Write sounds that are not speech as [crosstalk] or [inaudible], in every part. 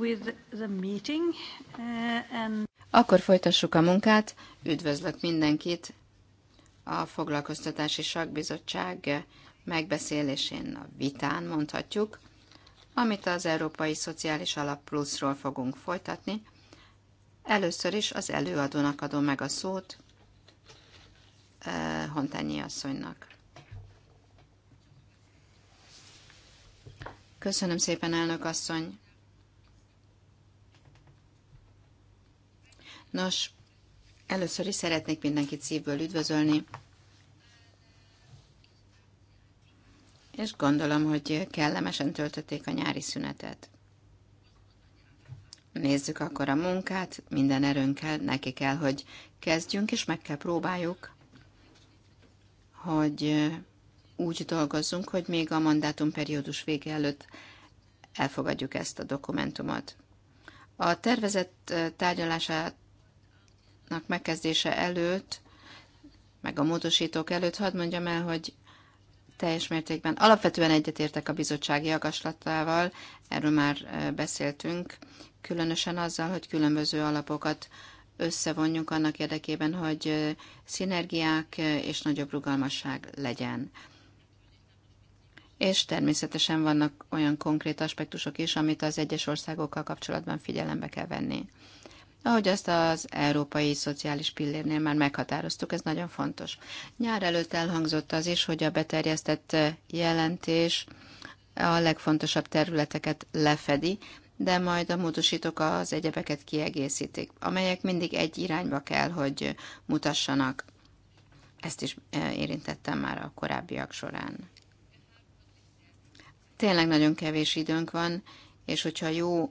Uh, Akkor folytassuk a munkát. Üdvözlök mindenkit a Foglalkoztatási Sakbizottság megbeszélésén, a vitán mondhatjuk, amit az Európai Szociális Alap Pluszról fogunk folytatni. Először is az előadónak adom meg a szót, uh, Hontányi asszonynak. Köszönöm szépen, elnök asszony! Nos, először is szeretnék mindenkit szívből üdvözölni, és gondolom, hogy kellemesen töltötték a nyári szünetet. Nézzük akkor a munkát, minden erőnkkel neki kell, hogy kezdjünk, és meg kell próbáljuk, hogy úgy dolgozzunk, hogy még a mandátumperiódus vége előtt elfogadjuk ezt a dokumentumot. A tervezett tárgyalását folyamatnak megkezdése előtt, meg a módosítók előtt, hadd mondjam el, hogy teljes mértékben alapvetően egyetértek a bizottsági javaslatával, erről már beszéltünk, különösen azzal, hogy különböző alapokat összevonjunk annak érdekében, hogy szinergiák és nagyobb rugalmasság legyen. És természetesen vannak olyan konkrét aspektusok is, amit az egyes országokkal kapcsolatban figyelembe kell venni ahogy ezt az európai szociális pillérnél már meghatároztuk, ez nagyon fontos. Nyár előtt elhangzott az is, hogy a beterjesztett jelentés a legfontosabb területeket lefedi, de majd a módosítók az egyebeket kiegészítik, amelyek mindig egy irányba kell, hogy mutassanak. Ezt is e, érintettem már a korábbiak során. Tényleg nagyon kevés időnk van, és hogyha jó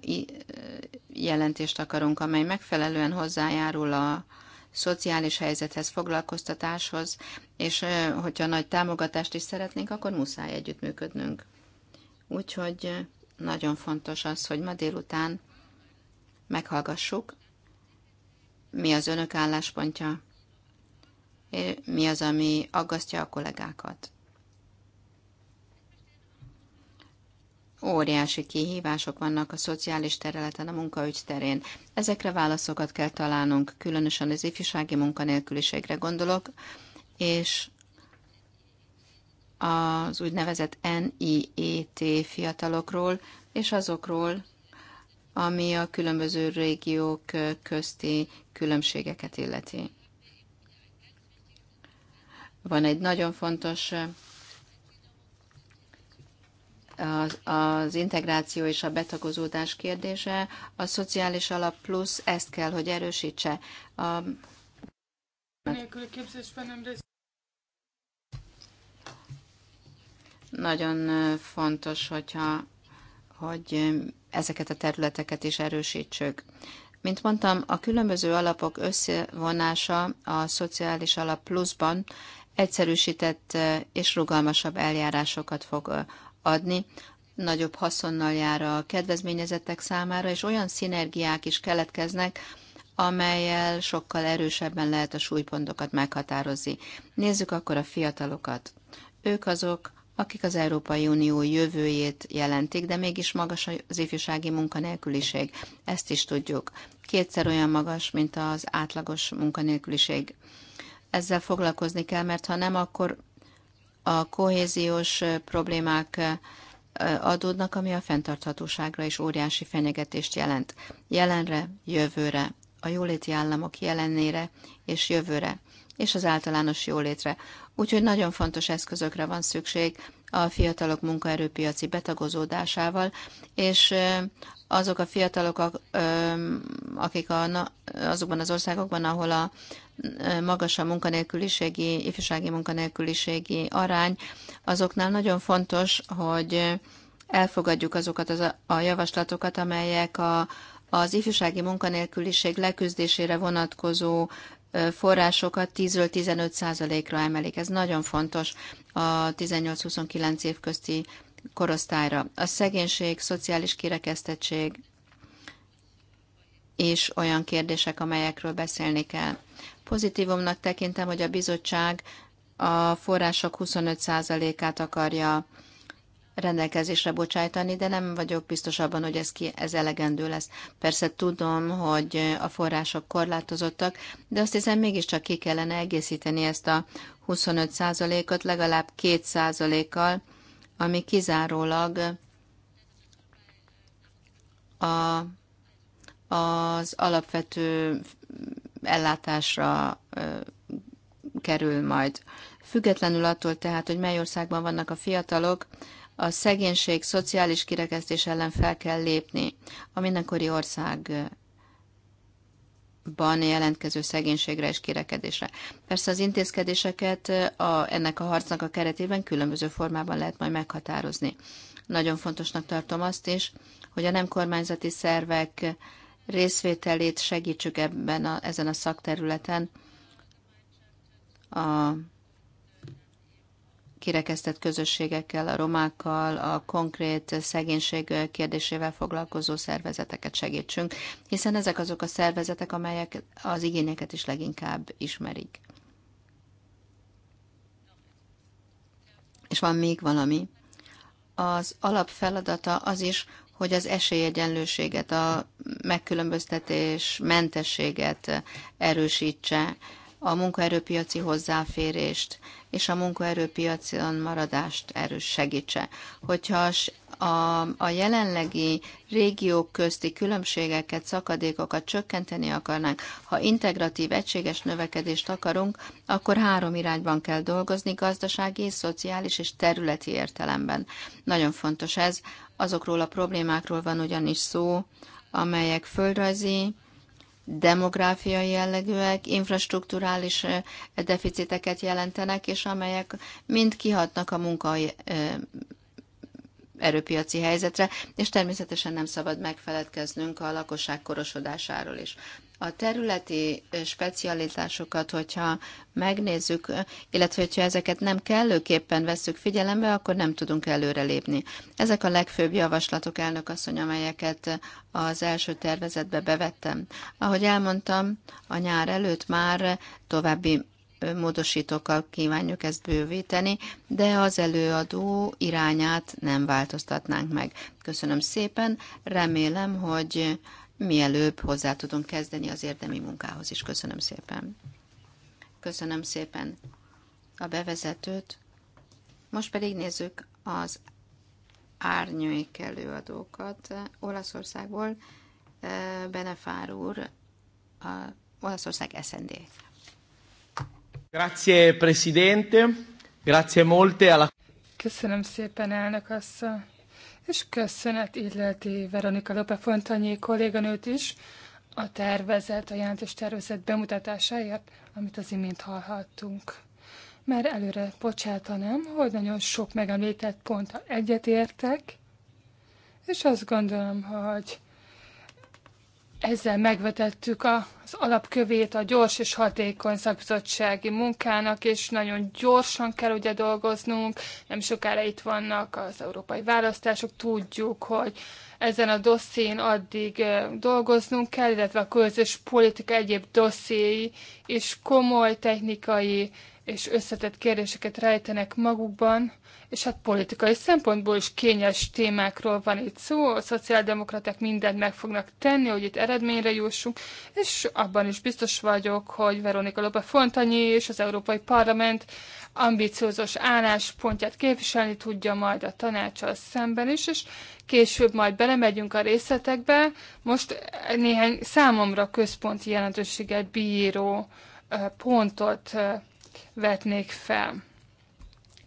jelentést akarunk, amely megfelelően hozzájárul a szociális helyzethez, foglalkoztatáshoz, és hogyha nagy támogatást is szeretnénk, akkor muszáj együttműködnünk. Úgyhogy nagyon fontos az, hogy ma délután meghallgassuk, mi az önök álláspontja, mi az, ami aggasztja a kollégákat. Óriási kihívások vannak a szociális területen, a munkaügy terén. Ezekre válaszokat kell találnunk, különösen az ifjúsági munkanélküliségre gondolok, és az úgynevezett NIET fiatalokról, és azokról, ami a különböző régiók közti különbségeket illeti. Van egy nagyon fontos az, az integráció és a betagozódás kérdése, a szociális alap plusz ezt kell, hogy erősítse. A... Nagyon fontos, hogyha, hogy ezeket a területeket is erősítsük. Mint mondtam, a különböző alapok összevonása a szociális alap pluszban egyszerűsített és rugalmasabb eljárásokat fog adni, nagyobb haszonnal jár a kedvezményezettek számára, és olyan szinergiák is keletkeznek, amelyel sokkal erősebben lehet a súlypontokat meghatározni. Nézzük akkor a fiatalokat. Ők azok, akik az Európai Unió jövőjét jelentik, de mégis magas az ifjúsági munkanélküliség. Ezt is tudjuk. Kétszer olyan magas, mint az átlagos munkanélküliség. Ezzel foglalkozni kell, mert ha nem, akkor a kohéziós problémák adódnak, ami a fenntarthatóságra is óriási fenyegetést jelent. Jelenre, jövőre, a jóléti államok jelenére és jövőre, és az általános jólétre. Úgyhogy nagyon fontos eszközökre van szükség a fiatalok munkaerőpiaci betagozódásával, és azok a fiatalok, akik a, azokban az országokban, ahol a magas a munkanélküliségi, ifjúsági munkanélküliségi arány, azoknál nagyon fontos, hogy elfogadjuk azokat az a javaslatokat, amelyek a, az ifjúsági munkanélküliség leküzdésére vonatkozó forrásokat 10-ről 15 százalékra emelik. Ez nagyon fontos a 18-29 év közti korosztályra. A szegénység, szociális kirekesztettség és olyan kérdések, amelyekről beszélni kell. Pozitívumnak tekintem, hogy a bizottság a források 25%-át akarja rendelkezésre bocsájtani, de nem vagyok biztos abban, hogy ez, ki, ez elegendő lesz. Persze tudom, hogy a források korlátozottak, de azt hiszem mégiscsak ki kellene egészíteni ezt a 25%-ot legalább 2%-kal, ami kizárólag a, az alapvető ellátásra kerül majd. Függetlenül attól tehát, hogy mely országban vannak a fiatalok, a szegénység, szociális kirekesztés ellen fel kell lépni. A mindenkori országban jelentkező szegénységre és kirekedésre. Persze az intézkedéseket a, ennek a harcnak a keretében különböző formában lehet majd meghatározni. Nagyon fontosnak tartom azt is, hogy a nem kormányzati szervek részvételét segítsük ebben a, ezen a szakterületen a kirekesztett közösségekkel, a romákkal, a konkrét szegénység kérdésével foglalkozó szervezeteket segítsünk, hiszen ezek azok a szervezetek, amelyek az igényeket is leginkább ismerik. És van még valami. Az alapfeladata az is, hogy az esélyegyenlőséget, a megkülönböztetés mentességet erősítse, a munkaerőpiaci hozzáférést és a munkaerőpiacon maradást erős segítse. Hogyha a, a jelenlegi régiók közti különbségeket, szakadékokat csökkenteni akarnánk, ha integratív, egységes növekedést akarunk, akkor három irányban kell dolgozni, gazdasági, szociális és területi értelemben. Nagyon fontos ez, azokról a problémákról van ugyanis szó, amelyek földrajzi, demográfiai jellegűek, infrastruktúrális deficiteket jelentenek, és amelyek mind kihatnak a munkai erőpiaci helyzetre, és természetesen nem szabad megfeledkeznünk a lakosság korosodásáról is. A területi specialitásokat, hogyha megnézzük, illetve hogyha ezeket nem kellőképpen vesszük figyelembe, akkor nem tudunk előrelépni. Ezek a legfőbb javaslatok, elnök asszony, amelyeket az első tervezetbe bevettem. Ahogy elmondtam, a nyár előtt már további módosítókkal kívánjuk ezt bővíteni, de az előadó irányát nem változtatnánk meg. Köszönöm szépen, remélem, hogy mielőbb hozzá tudunk kezdeni az érdemi munkához is. Köszönöm szépen. Köszönöm szépen a bevezetőt. Most pedig nézzük az árnyék előadókat. Olaszországból eh, Benefár úr, a Olaszország SND. Grazie, Presidente. Grazie molte alla... Köszönöm szépen, elnök asszony és köszönet illeti Veronika Lopefontanyi Fontanyi kolléganőt is a tervezet, a jelentős tervezet bemutatásáért, amit az imént hallhattunk. Már előre bocsátanám, hogy nagyon sok megemlített ponttal egyetértek, és azt gondolom, hogy ezzel megvetettük az alapkövét a gyors és hatékony szakbizottsági munkának, és nagyon gyorsan kell ugye dolgoznunk, nem sokára itt vannak az európai választások, tudjuk, hogy ezen a dosszén addig dolgoznunk kell, illetve a közös politika egyéb dosszéi és komoly technikai és összetett kérdéseket rejtenek magukban, és hát politikai szempontból is kényes témákról van itt szó, a szociáldemokraták mindent meg fognak tenni, hogy itt eredményre jussunk, és abban is biztos vagyok, hogy Veronika Lope Fontanyi és az Európai Parlament ambiciózus álláspontját képviselni tudja majd a tanácsal szemben is, és később majd belemegyünk a részletekbe. Most néhány számomra központi jelentőséget bíró pontot vetnék fel.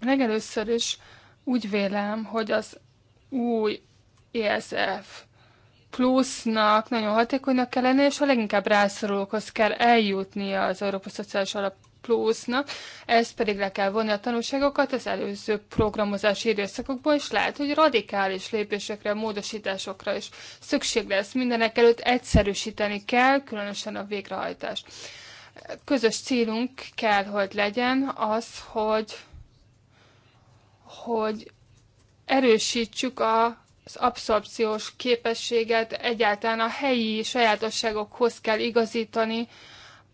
Legelőször is úgy vélem, hogy az új ESF plusznak nagyon hatékonynak kell lenni, és a leginkább rászorulókhoz kell eljutnia az Európa Szociális Alap plusznak, ez pedig le kell vonni a tanulságokat az előző programozási időszakokból, és lehet, hogy radikális lépésekre, módosításokra is szükség lesz. Mindenek előtt egyszerűsíteni kell, különösen a végrehajtást közös célunk kell, hogy legyen az, hogy, hogy erősítsük a az abszorpciós képességet egyáltalán a helyi sajátosságokhoz kell igazítani,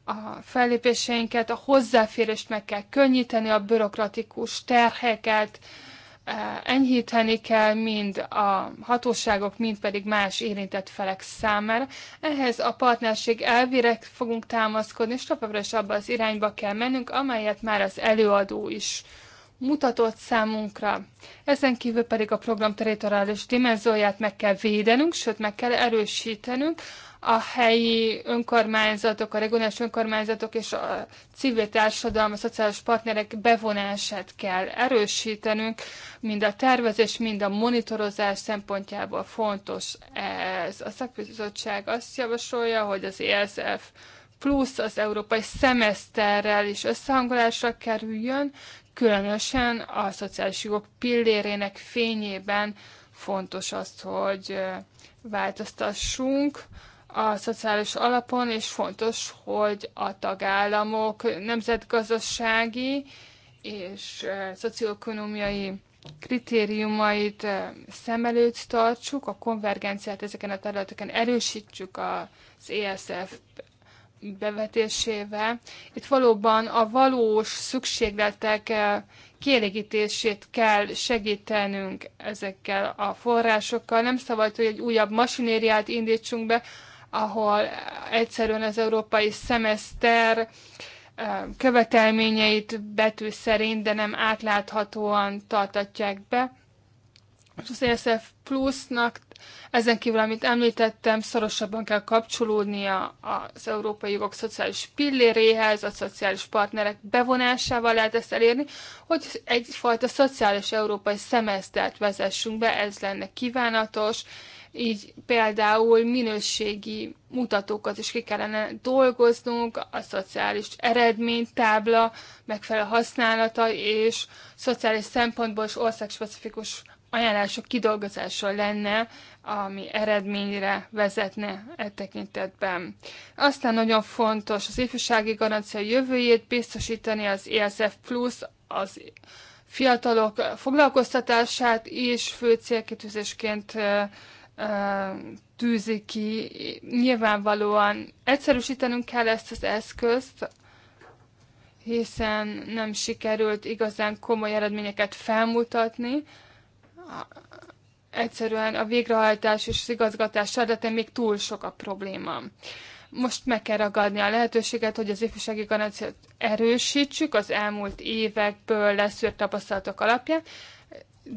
a fellépéseinket, a hozzáférést meg kell könnyíteni, a bürokratikus terheket, enyhíteni kell mind a hatóságok, mind pedig más érintett felek számára. Ehhez a partnerség elvére fogunk támaszkodni, és továbbra is abba az irányba kell mennünk, amelyet már az előadó is mutatott számunkra. Ezen kívül pedig a program territoriális dimenzióját meg kell védenünk, sőt meg kell erősítenünk, a helyi önkormányzatok, a regionális önkormányzatok és a civil társadalom, a szociális partnerek bevonását kell erősítenünk, mind a tervezés, mind a monitorozás szempontjából fontos ez. A szakbizottság azt javasolja, hogy az ESF plusz az európai szemeszterrel is összehangolásra kerüljön, különösen a szociális jogok pillérének fényében fontos az, hogy változtassunk a szociális alapon, és fontos, hogy a tagállamok nemzetgazdasági és eh, szocioekonomiai kritériumait eh, szem előtt tartsuk, a konvergenciát ezeken a területeken erősítsük az ESF bevetésével. Itt valóban a valós szükségletek eh, kielégítését kell segítenünk ezekkel a forrásokkal. Nem szabad, hogy egy újabb masinériát indítsunk be, ahol egyszerűen az európai szemeszter követelményeit betű szerint, de nem átláthatóan tartatják be. Az ESF plusznak ezen kívül, amit említettem, szorosabban kell kapcsolódnia az európai jogok szociális pilléréhez, a szociális partnerek bevonásával lehet ezt elérni, hogy egyfajta szociális európai szemesztert vezessünk be, ez lenne kívánatos, így például minőségi mutatókat is ki kellene dolgoznunk, a szociális eredménytábla megfelelő használata és szociális szempontból is országspecifikus ajánlások kidolgozása lenne, ami eredményre vezetne e tekintetben. Aztán nagyon fontos az ifjúsági garancia jövőjét biztosítani az ESF Plus, az fiatalok foglalkoztatását is fő célkitűzésként tűzi ki. Nyilvánvalóan egyszerűsítenünk kell ezt az eszközt, hiszen nem sikerült igazán komoly eredményeket felmutatni. Egyszerűen a végrehajtás és az igazgatás területen még túl sok a probléma. Most meg kell ragadni a lehetőséget, hogy az ifjúsági garanciát erősítsük az elmúlt évekből leszűrt tapasztalatok alapján,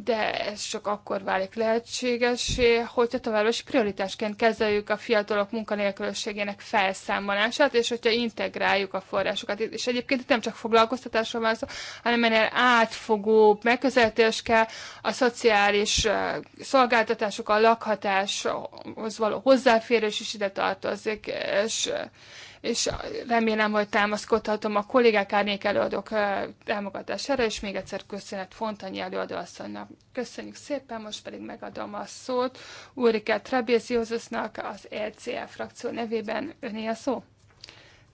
de ez csak akkor válik lehetségesé, hogyha továbbra is prioritásként kezeljük a fiatalok munkanélkülösségének felszámolását, és hogyha integráljuk a forrásokat. És egyébként itt nem csak foglalkoztatásról van szó, hanem ennél átfogó megközelítés kell a szociális szolgáltatások, a lakhatáshoz való hozzáférés is ide tartozik, és és remélem, hogy támaszkodhatom a kollégák árnyék előadók támogatására, és még egyszer köszönet Fontanyi előadóasszonynak. Köszönjük szépen, most pedig megadom a szót Ulrike Trebéziózusnak az ECL frakció nevében. Öné a szó?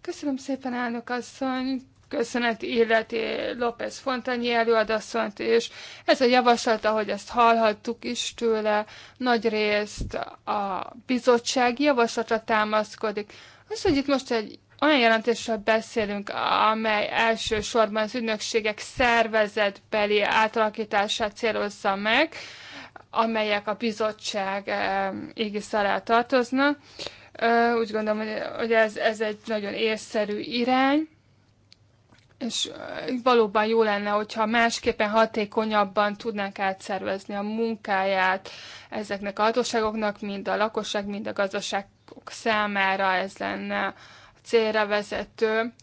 Köszönöm szépen, elnök asszony, köszönet illeti López Fontanyi előadasszonyt, és ez a javaslat, ahogy ezt hallhattuk is tőle, nagy részt a bizottság javaslatra támaszkodik. Az, hogy itt most egy olyan jelentésről beszélünk, amely elsősorban az ügynökségek szervezetbeli átalakítását célozza meg, amelyek a bizottság eh, égisz alá tartoznak. Úgy gondolom, hogy ez, ez egy nagyon észszerű irány, és eh, valóban jó lenne, hogyha másképpen hatékonyabban tudnánk átszervezni a munkáját ezeknek a hatóságoknak, mind a lakosság, mind a gazdaság számára ez lenne a célra vezető.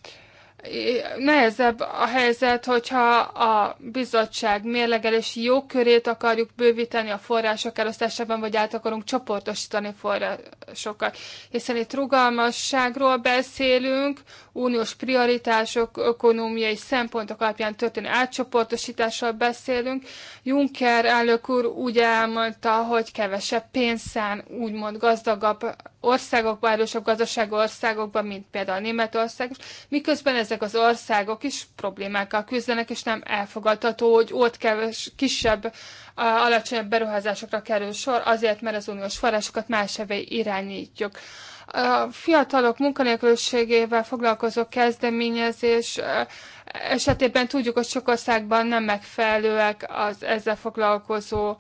Nehezebb a helyzet, hogyha a bizottság mérlegelési jogkörét akarjuk bővíteni a források elosztásában, vagy át akarunk csoportosítani forrásokat. Hiszen itt rugalmasságról beszélünk, uniós prioritások, ökonomiai szempontok alapján történő átcsoportosításról beszélünk. Juncker elnök úr úgy elmondta, hogy kevesebb pénz úgymond gazdagabb Országok városok, gazdaságú országokban, mint például Németország, miközben ezek az országok is problémákkal küzdenek, és nem elfogadható, hogy ott keves, kisebb, alacsonyabb beruházásokra kerül sor, azért, mert az uniós forrásokat más irányítjuk. A fiatalok munkanélküliségével foglalkozó kezdeményezés esetében tudjuk, hogy sok országban nem megfelelőek az ezzel foglalkozó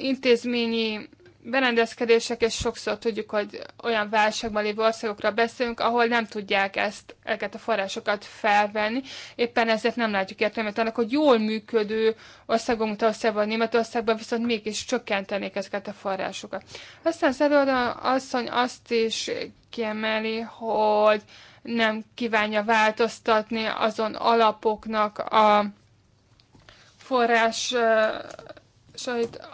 intézményi berendezkedések, és sokszor tudjuk, hogy olyan válságban lévő országokra beszélünk, ahol nem tudják ezt, ezeket a forrásokat felvenni. Éppen ezért nem látjuk értelmét annak, hogy jól működő országok, mint országban, Németországban viszont mégis csökkentenék ezeket a forrásokat. Aztán Szedorra asszony azt is kiemeli, hogy nem kívánja változtatni azon alapoknak a forrás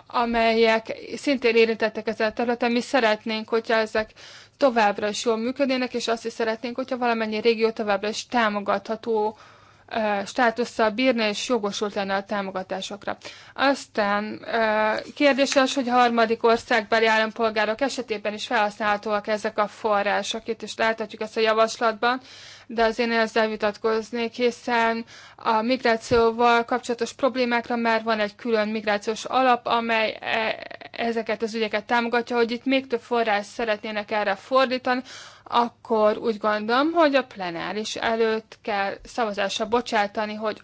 amelyek szintén érintettek ezzel a területen. Mi szeretnénk, hogyha ezek továbbra is jól működnének, és azt is szeretnénk, hogyha valamennyi régió továbbra is támogatható státusszal bírna, és jogosult lenne a támogatásokra. Aztán kérdés az, hogy harmadik országbeli állampolgárok esetében is felhasználhatóak ezek a források. Itt is láthatjuk ezt a javaslatban de az én ezzel vitatkoznék, hiszen a migrációval kapcsolatos problémákra már van egy külön migrációs alap, amely e, ezeket az ügyeket támogatja, hogy itt még több forrás szeretnének erre fordítani, akkor úgy gondolom, hogy a plenáris előtt kell szavazásra bocsátani, hogy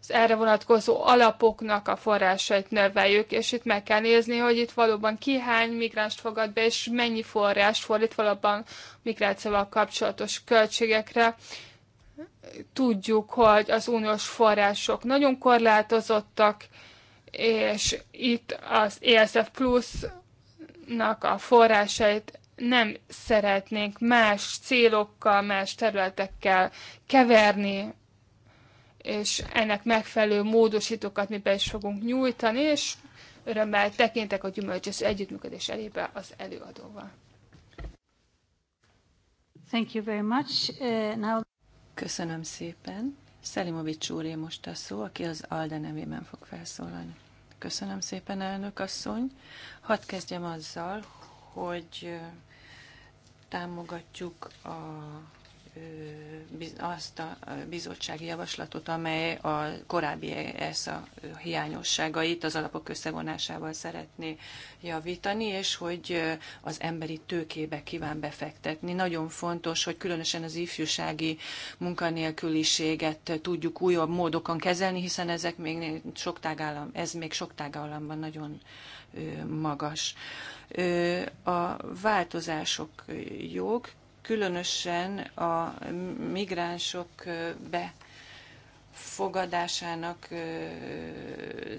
az erre vonatkozó alapoknak a forrásait növeljük, és itt meg kell nézni, hogy itt valóban ki hány migránst fogad be, és mennyi forrás fordít valóban migrációval kapcsolatos költségekre. Tudjuk, hogy az uniós források nagyon korlátozottak, és itt az ESF Plus-nak a forrásait nem szeretnénk más célokkal, más területekkel keverni, és ennek megfelelő módosítókat mi be is fogunk nyújtani, és örömmel tekintek a gyümölcsös együttműködés elébe az előadóval. Thank you very much. Uh, now... Köszönöm szépen. Szelimovics úré most a szó, aki az ALDE nevében fog felszólalni. Köszönöm szépen, elnök asszony. Hadd kezdjem azzal, hogy támogatjuk a azt a bizottsági javaslatot, amely a korábbi e a hiányosságait az alapok összevonásával szeretné javítani, és hogy az emberi tőkébe kíván befektetni. Nagyon fontos, hogy különösen az ifjúsági munkanélküliséget tudjuk újabb módokon kezelni, hiszen ezek még sok tágállam, ez még sok tágállamban nagyon magas. A változások jók, különösen a migránsok be fogadásának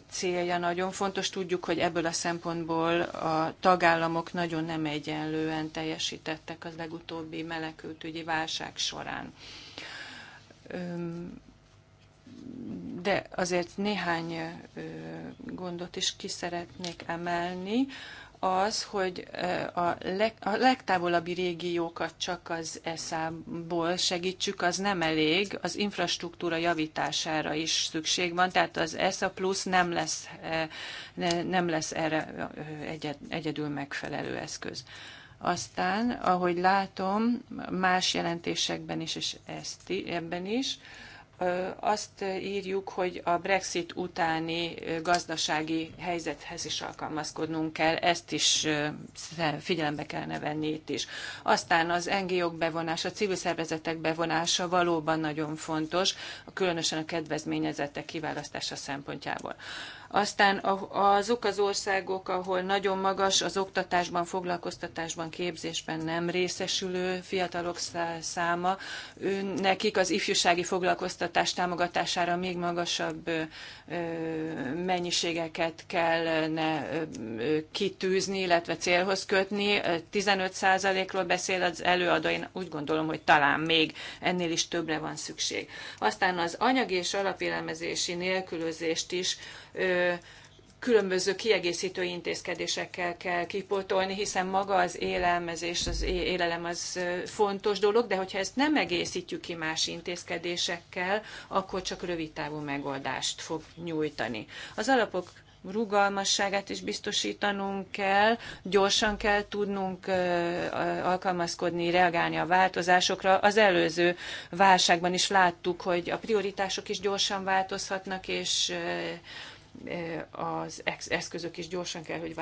célja nagyon fontos. Tudjuk, hogy ebből a szempontból a tagállamok nagyon nem egyenlően teljesítettek az legutóbbi melekültügyi válság során. De azért néhány gondot is ki szeretnék emelni az, hogy eh, a, leg, a legtávolabbi régiókat csak az ESZÁ-ból segítsük, az nem elég, az infrastruktúra javítására is szükség van, tehát az ESZA plusz nem lesz, eh, nem lesz erre eh, egyed, egyedül megfelelő eszköz. Aztán, ahogy látom, más jelentésekben is, és ezt, ebben is, azt írjuk, hogy a Brexit utáni gazdasági helyzethez is alkalmazkodnunk kell, ezt is figyelembe kellene venni itt is. Aztán az NGO-k bevonása, a civil szervezetek bevonása valóban nagyon fontos, különösen a kedvezményezettek kiválasztása szempontjából. Aztán azok az országok, ahol nagyon magas az oktatásban, foglalkoztatásban, képzésben nem részesülő fiatalok száma, nekik az ifjúsági foglalkoztatás támogatására még magasabb mennyiségeket kellene kitűzni, illetve célhoz kötni. 15%-ról beszél az előadó, én úgy gondolom, hogy talán még ennél is többre van szükség. Aztán az anyagi és alapélemezési nélkülözést is különböző kiegészítő intézkedésekkel kell kipotolni, hiszen maga az élelmezés, az élelem az fontos dolog, de hogyha ezt nem egészítjük ki más intézkedésekkel, akkor csak rövid távú megoldást fog nyújtani. Az alapok rugalmasságát is biztosítanunk kell, gyorsan kell tudnunk alkalmazkodni, reagálni a változásokra. Az előző válságban is láttuk, hogy a prioritások is gyorsan változhatnak, és Eh, az eszközök is gyorsan kell, hogy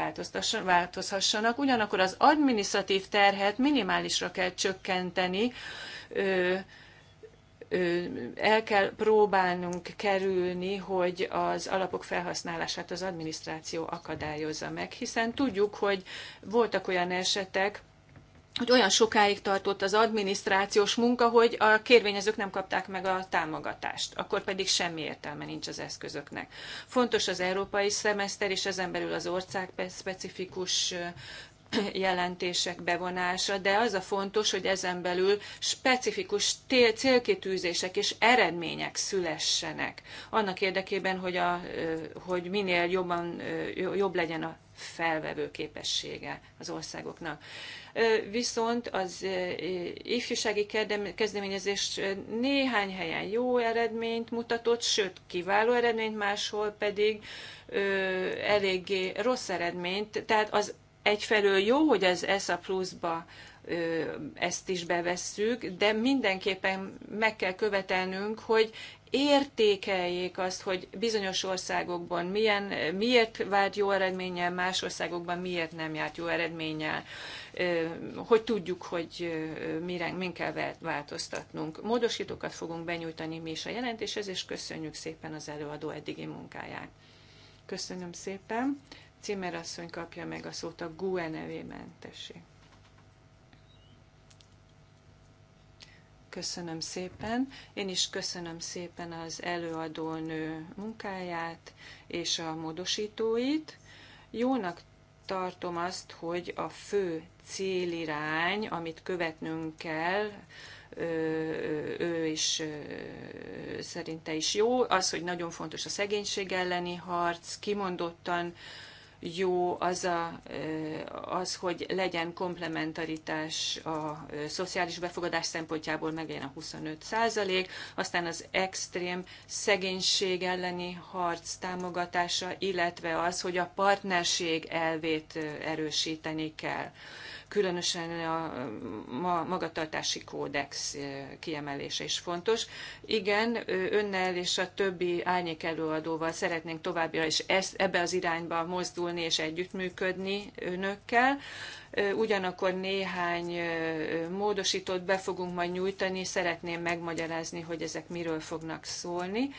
változhassanak. Ugyanakkor az administratív terhet minimálisra kell csökkenteni, el kell próbálnunk kerülni, hogy az alapok felhasználását az adminisztráció akadályozza meg, hiszen tudjuk, hogy voltak olyan esetek, hogy olyan sokáig tartott az adminisztrációs munka, hogy a kérvényezők nem kapták meg a támogatást, akkor pedig semmi értelme nincs az eszközöknek. Fontos az európai szemeszter, és ezen belül az ország specifikus [clears throat] jelentések bevonása, de az a fontos, hogy ezen belül specifikus célkitűzések és eredmények szülessenek. Annak érdekében, hogy, a, hogy minél jobban, jobb legyen a felvevő képessége az országoknak viszont az ifjúsági kezdeményezés néhány helyen jó eredményt mutatott, sőt kiváló eredményt, máshol pedig eléggé rossz eredményt. Tehát az egyfelől jó, hogy az ESA pluszba ezt is bevesszük, de mindenképpen meg kell követelnünk, hogy értékeljék azt, hogy bizonyos országokban milyen, miért várt jó eredménnyel, más országokban miért nem járt jó eredménnyel hogy tudjuk, hogy mire, min kell változtatnunk. Módosítókat fogunk benyújtani mi is a jelentéshez, és köszönjük szépen az előadó eddigi munkáját. Köszönöm szépen. Cimmer asszony kapja meg a szót a GUE nevében. Tessék. Köszönöm szépen. Én is köszönöm szépen az előadónő munkáját és a módosítóit. Jónak tartom azt, hogy a fő célirány, amit követnünk kell, ő is szerinte is jó, az, hogy nagyon fontos a szegénység elleni harc, kimondottan jó az, a, az, hogy legyen komplementaritás a szociális befogadás szempontjából megjelen a 25 százalék, aztán az extrém szegénység elleni harc támogatása, illetve az, hogy a partnerség elvét erősíteni kell különösen a magatartási kódex kiemelése is fontos. Igen, önnel és a többi árnyék előadóval szeretnénk továbbra is ezt, ebbe az irányba mozdulni és együttműködni önökkel. Ugyanakkor néhány módosítót be fogunk majd nyújtani, szeretném megmagyarázni, hogy ezek miről fognak szólni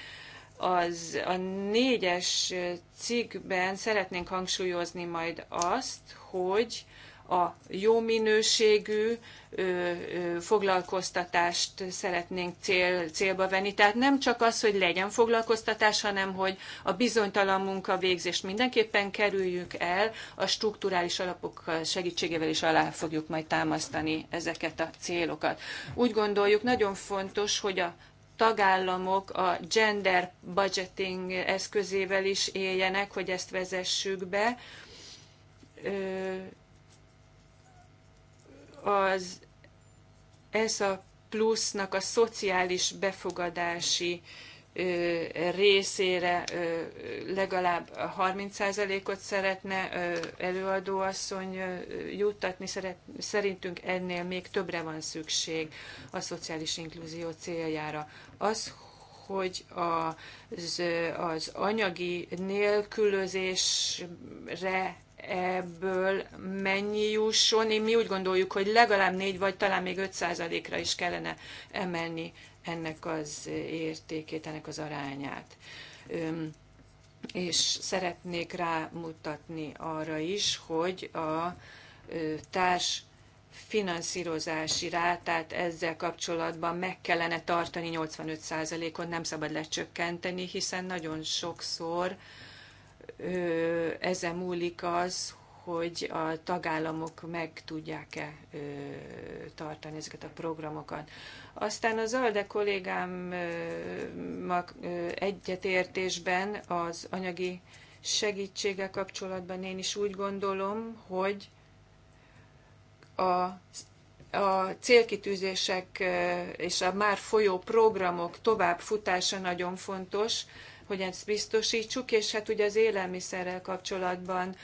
az a négyes cikkben szeretnénk hangsúlyozni majd azt, hogy a jó minőségű foglalkoztatást szeretnénk cél, célba venni. Tehát nem csak az, hogy legyen foglalkoztatás, hanem hogy a bizonytalan munkavégzést mindenképpen kerüljük el, a strukturális alapok segítségével is alá fogjuk majd támasztani ezeket a célokat. Úgy gondoljuk, nagyon fontos, hogy a tagállamok a gender budgeting eszközével is éljenek, hogy ezt vezessük be az ez a plusznak a szociális befogadási részére legalább 30%-ot szeretne előadóasszony juttatni, szeret, szerintünk ennél még többre van szükség a szociális inkluzió céljára. Az, hogy az, az anyagi nélkülözésre ebből mennyi jusson. Én mi úgy gondoljuk, hogy legalább 4 vagy talán még 5%-ra is kellene emelni ennek az értékét, ennek az arányát. És szeretnék rámutatni arra is, hogy a társ finanszírozási rátát ezzel kapcsolatban meg kellene tartani 85%-on, nem szabad lecsökkenteni, hiszen nagyon sokszor ezen múlik az, hogy a tagállamok meg tudják-e tartani ezeket a programokat. Aztán az ALDE kollégám egyetértésben az anyagi segítséggel kapcsolatban én is úgy gondolom, hogy a, a célkitűzések és a már folyó programok továbbfutása nagyon fontos, hogy ezt biztosítsuk, és hát ugye az élelmiszerrel kapcsolatban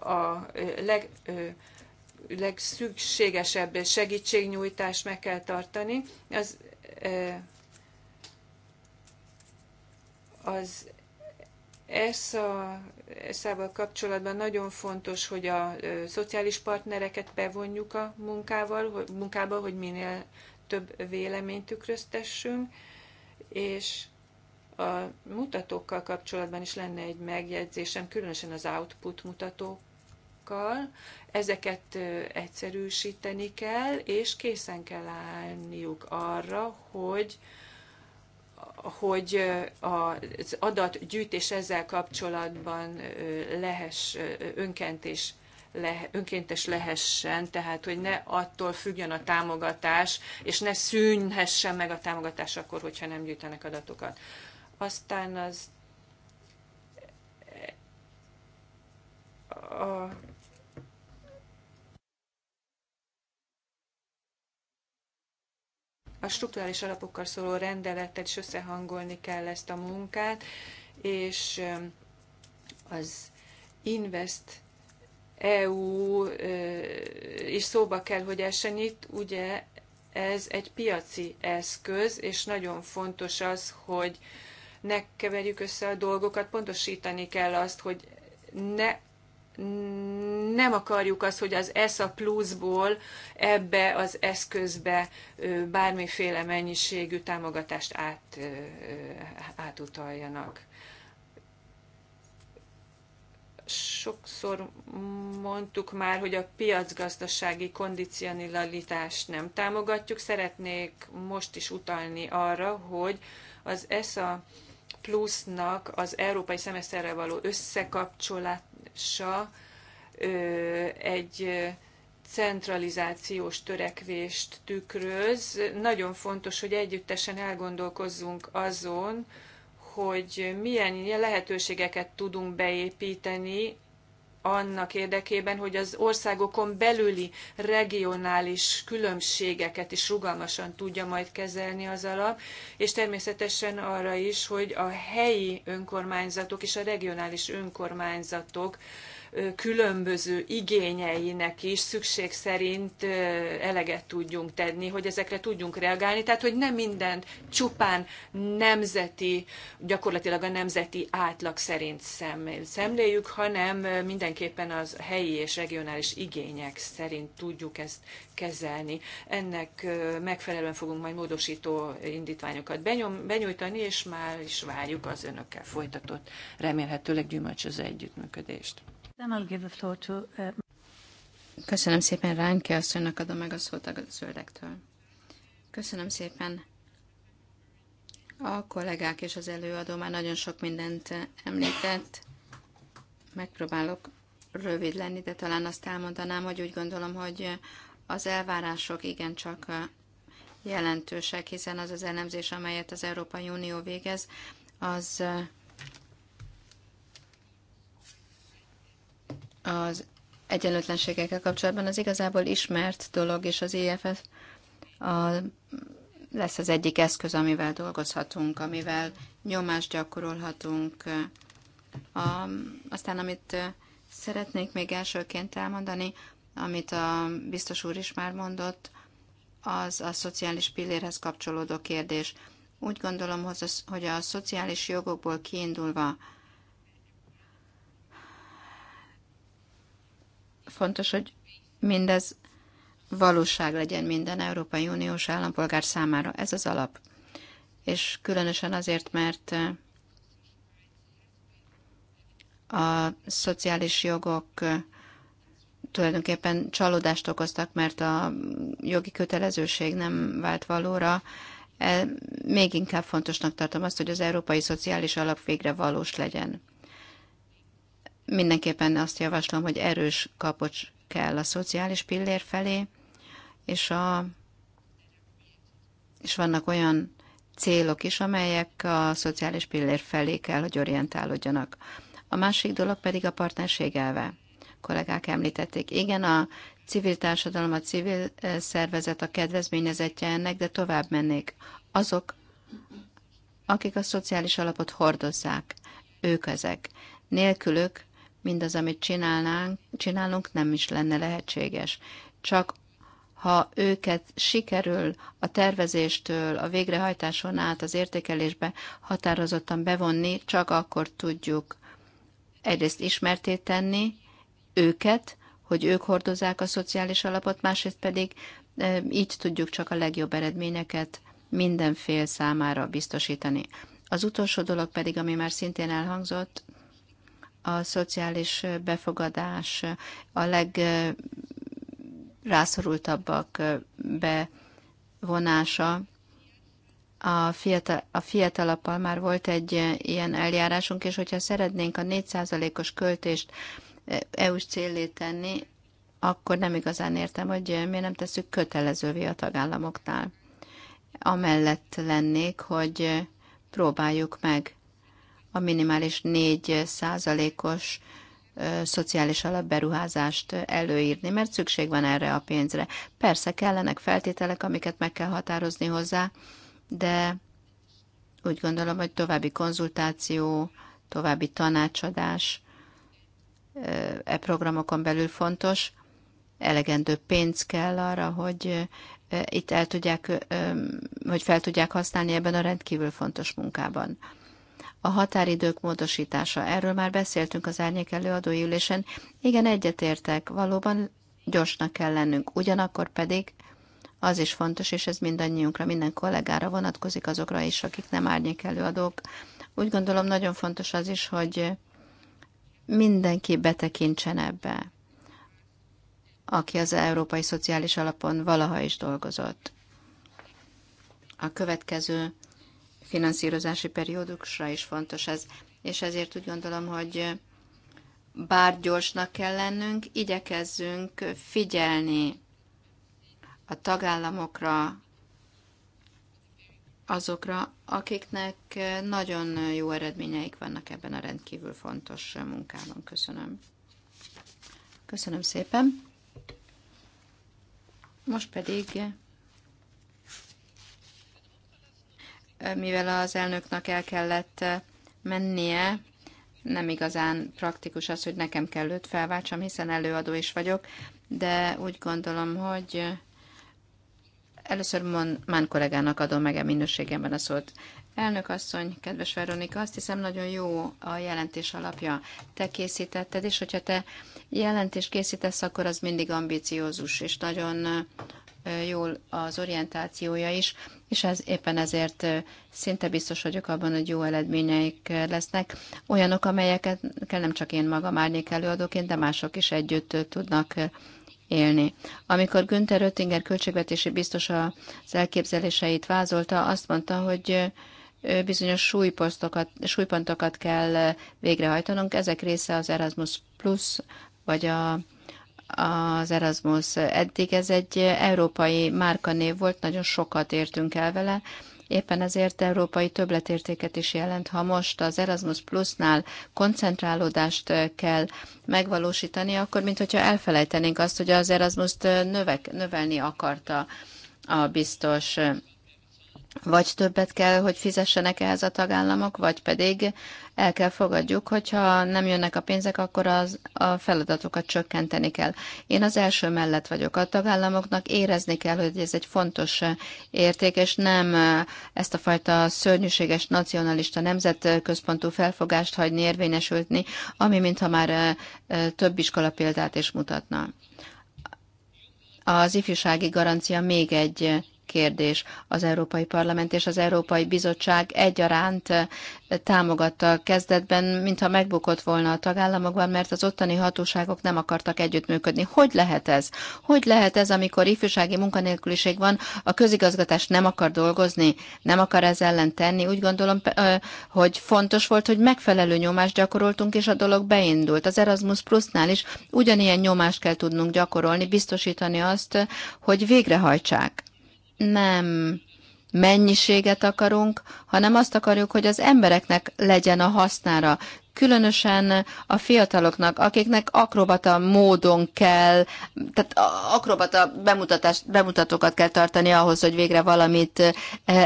a leg, legszükségesebb segítségnyújtást meg kell tartani. Az, az ESZA, val kapcsolatban nagyon fontos, hogy a szociális partnereket bevonjuk a munkával, munkába, hogy minél több véleményt tükröztessünk, és a mutatókkal kapcsolatban is lenne egy megjegyzésem, különösen az output mutatókkal. Ezeket egyszerűsíteni kell, és készen kell állniuk arra, hogy hogy az adatgyűjtés ezzel kapcsolatban lehess, önkentés lehe, önkéntes lehessen, tehát hogy ne attól függjön a támogatás, és ne szűnhessen meg a támogatás akkor, hogyha nem gyűjtenek adatokat. Aztán az a a strukturális alapokkal szóló rendeletet is összehangolni kell ezt a munkát, és um, az Invest EU is szóba kell, hogy essen itt, ugye ez egy piaci eszköz, és nagyon fontos az, hogy ne keverjük össze a dolgokat, pontosítani kell azt, hogy ne nem akarjuk azt, hogy az ESA pluszból ebbe az eszközbe bármiféle mennyiségű támogatást át, átutaljanak. Sokszor mondtuk már, hogy a piacgazdasági kondicionalitást nem támogatjuk. Szeretnék most is utalni arra, hogy az ESA plusznak az európai szemeszterrel való összekapcsolása egy centralizációs törekvést tükröz. Nagyon fontos, hogy együttesen elgondolkozzunk azon, hogy milyen lehetőségeket tudunk beépíteni annak érdekében, hogy az országokon belüli regionális különbségeket is rugalmasan tudja majd kezelni az alap, és természetesen arra is, hogy a helyi önkormányzatok és a regionális önkormányzatok különböző igényeinek is szükség szerint eleget tudjunk tenni, hogy ezekre tudjunk reagálni. Tehát, hogy nem mindent csupán nemzeti, gyakorlatilag a nemzeti átlag szerint szemléljük, hanem mindenképpen az helyi és regionális igények szerint tudjuk ezt kezelni. Ennek megfelelően fogunk majd módosító indítványokat benyújtani, és már is várjuk az önökkel folytatott, remélhetőleg gyümölcsöző együttműködést. Uh, Köszönöm szépen Ránke asszonynak adom meg a szót a zöldektől. Köszönöm szépen. A kollégák és az előadó már nagyon sok mindent említett. Megpróbálok rövid lenni, de talán azt elmondanám, hogy úgy gondolom, hogy az elvárások igencsak uh, jelentősek, hiszen az az elemzés, amelyet az Európai Unió végez, az uh, az egyenlőtlenségekkel kapcsolatban az igazából ismert dolog, és az EFF a, lesz az egyik eszköz, amivel dolgozhatunk, amivel nyomást gyakorolhatunk. A, aztán, amit szeretnék még elsőként elmondani, amit a biztos úr is már mondott, az a szociális pillérhez kapcsolódó kérdés. Úgy gondolom, hogy a szociális jogokból kiindulva fontos, hogy mindez valóság legyen minden Európai Uniós állampolgár számára. Ez az alap. És különösen azért, mert eh, a szociális jogok eh, tulajdonképpen csalódást okoztak, mert a jogi kötelezőség nem vált valóra. Eh, még inkább fontosnak tartom azt, hogy az Európai Szociális Alap végre valós legyen mindenképpen azt javaslom, hogy erős kapocs kell a szociális pillér felé, és, a, és vannak olyan célok is, amelyek a szociális pillér felé kell, hogy orientálódjanak. A másik dolog pedig a partnerség elve. Kollégák említették. Igen, a civil társadalom, a civil eh, szervezet a kedvezményezetje ennek, de tovább mennék. Azok, akik a szociális alapot hordozzák, ők ezek. Nélkülük mindaz, amit csinálnánk, csinálunk, nem is lenne lehetséges. Csak ha őket sikerül a tervezéstől, a végrehajtáson át az értékelésbe határozottan bevonni, csak akkor tudjuk egyrészt ismerté tenni őket, hogy ők hordozzák a szociális alapot, másrészt pedig e, így tudjuk csak a legjobb eredményeket minden fél számára biztosítani. Az utolsó dolog pedig, ami már szintén elhangzott, a szociális befogadás, a legrászorultabbak bevonása. A, fiatal, a fiatalappal már volt egy ilyen eljárásunk, és hogyha szeretnénk a 4%-os költést eh, EU-s célé tenni, akkor nem igazán értem, hogy miért nem tesszük kötelezővé a tagállamoknál. Amellett lennék, hogy próbáljuk meg a minimális 4 százalékos szociális alapberuházást előírni, mert szükség van erre a pénzre. Persze kellenek feltételek, amiket meg kell határozni hozzá, de úgy gondolom, hogy további konzultáció, további tanácsadás e programokon belül fontos. Elegendő pénz kell arra, hogy itt el tudják, hogy fel tudják használni ebben a rendkívül fontos munkában a határidők módosítása. Erről már beszéltünk az árnyék előadói ülésen. Igen, egyetértek, valóban gyorsnak kell lennünk. Ugyanakkor pedig az is fontos, és ez mindannyiunkra, minden kollégára vonatkozik, azokra is, akik nem árnyék előadók. Úgy gondolom nagyon fontos az is, hogy mindenki betekintsen ebbe, aki az Európai Szociális Alapon valaha is dolgozott. A következő finanszírozási periódusra is fontos ez, és ezért úgy gondolom, hogy bár gyorsnak kell lennünk, igyekezzünk figyelni a tagállamokra, azokra, akiknek nagyon jó eredményeik vannak ebben a rendkívül fontos munkában. Köszönöm. Köszönöm szépen. Most pedig mivel az elnöknek el kellett eh, mennie, nem igazán praktikus az, hogy nekem kell őt felváltsam, hiszen előadó is vagyok, de úgy gondolom, hogy eh, először Mon, Mán kollégának adom meg a minőségemben a szót. Elnök asszony, kedves Veronika, azt hiszem nagyon jó a jelentés alapja. Te készítetted, és hogyha te jelentést készítesz, akkor az mindig ambiciózus, és nagyon eh, jól az orientációja is és ez éppen ezért szinte biztos vagyok abban, hogy jó eredményeik lesznek. Olyanok, amelyeket nem csak én magam árnék előadóként, de mások is együtt tudnak élni. Amikor Günther Röttinger költségvetési biztos az elképzeléseit vázolta, azt mondta, hogy bizonyos súlyposztokat, súlypontokat kell végrehajtanunk. Ezek része az Erasmus Plus, vagy a az Erasmus eddig. Ez egy európai márkanév volt, nagyon sokat értünk el vele, Éppen ezért európai többletértéket is jelent. Ha most az Erasmus Plusnál koncentrálódást kell megvalósítani, akkor mint elfelejtenénk azt, hogy az Erasmus-t növek, növelni akarta a biztos vagy többet kell, hogy fizessenek ehhez a tagállamok, vagy pedig el kell fogadjuk, hogyha nem jönnek a pénzek, akkor az, a feladatokat csökkenteni kell. Én az első mellett vagyok. A tagállamoknak érezni kell, hogy ez egy fontos érték, és nem ezt a fajta szörnyűséges, nacionalista, nemzetközpontú felfogást hagyni, érvényesülni, ami mintha már több iskola példát is mutatna. Az ifjúsági garancia még egy kérdés. Az Európai Parlament és az Európai Bizottság egyaránt eh, támogatta kezdetben, mintha megbukott volna a tagállamokban, mert az ottani hatóságok nem akartak együttműködni. Hogy lehet ez? Hogy lehet ez, amikor ifjúsági munkanélküliség van, a közigazgatás nem akar dolgozni, nem akar ez ellen tenni? Úgy gondolom, eh, hogy fontos volt, hogy megfelelő nyomást gyakoroltunk, és a dolog beindult. Az Erasmus Plusnál is ugyanilyen nyomást kell tudnunk gyakorolni, biztosítani azt, hogy végrehajtsák nem mennyiséget akarunk, hanem azt akarjuk, hogy az embereknek legyen a hasznára különösen a fiataloknak, akiknek akrobata módon kell, tehát akrobata bemutatás bemutatókat kell tartani ahhoz, hogy végre valamit eh,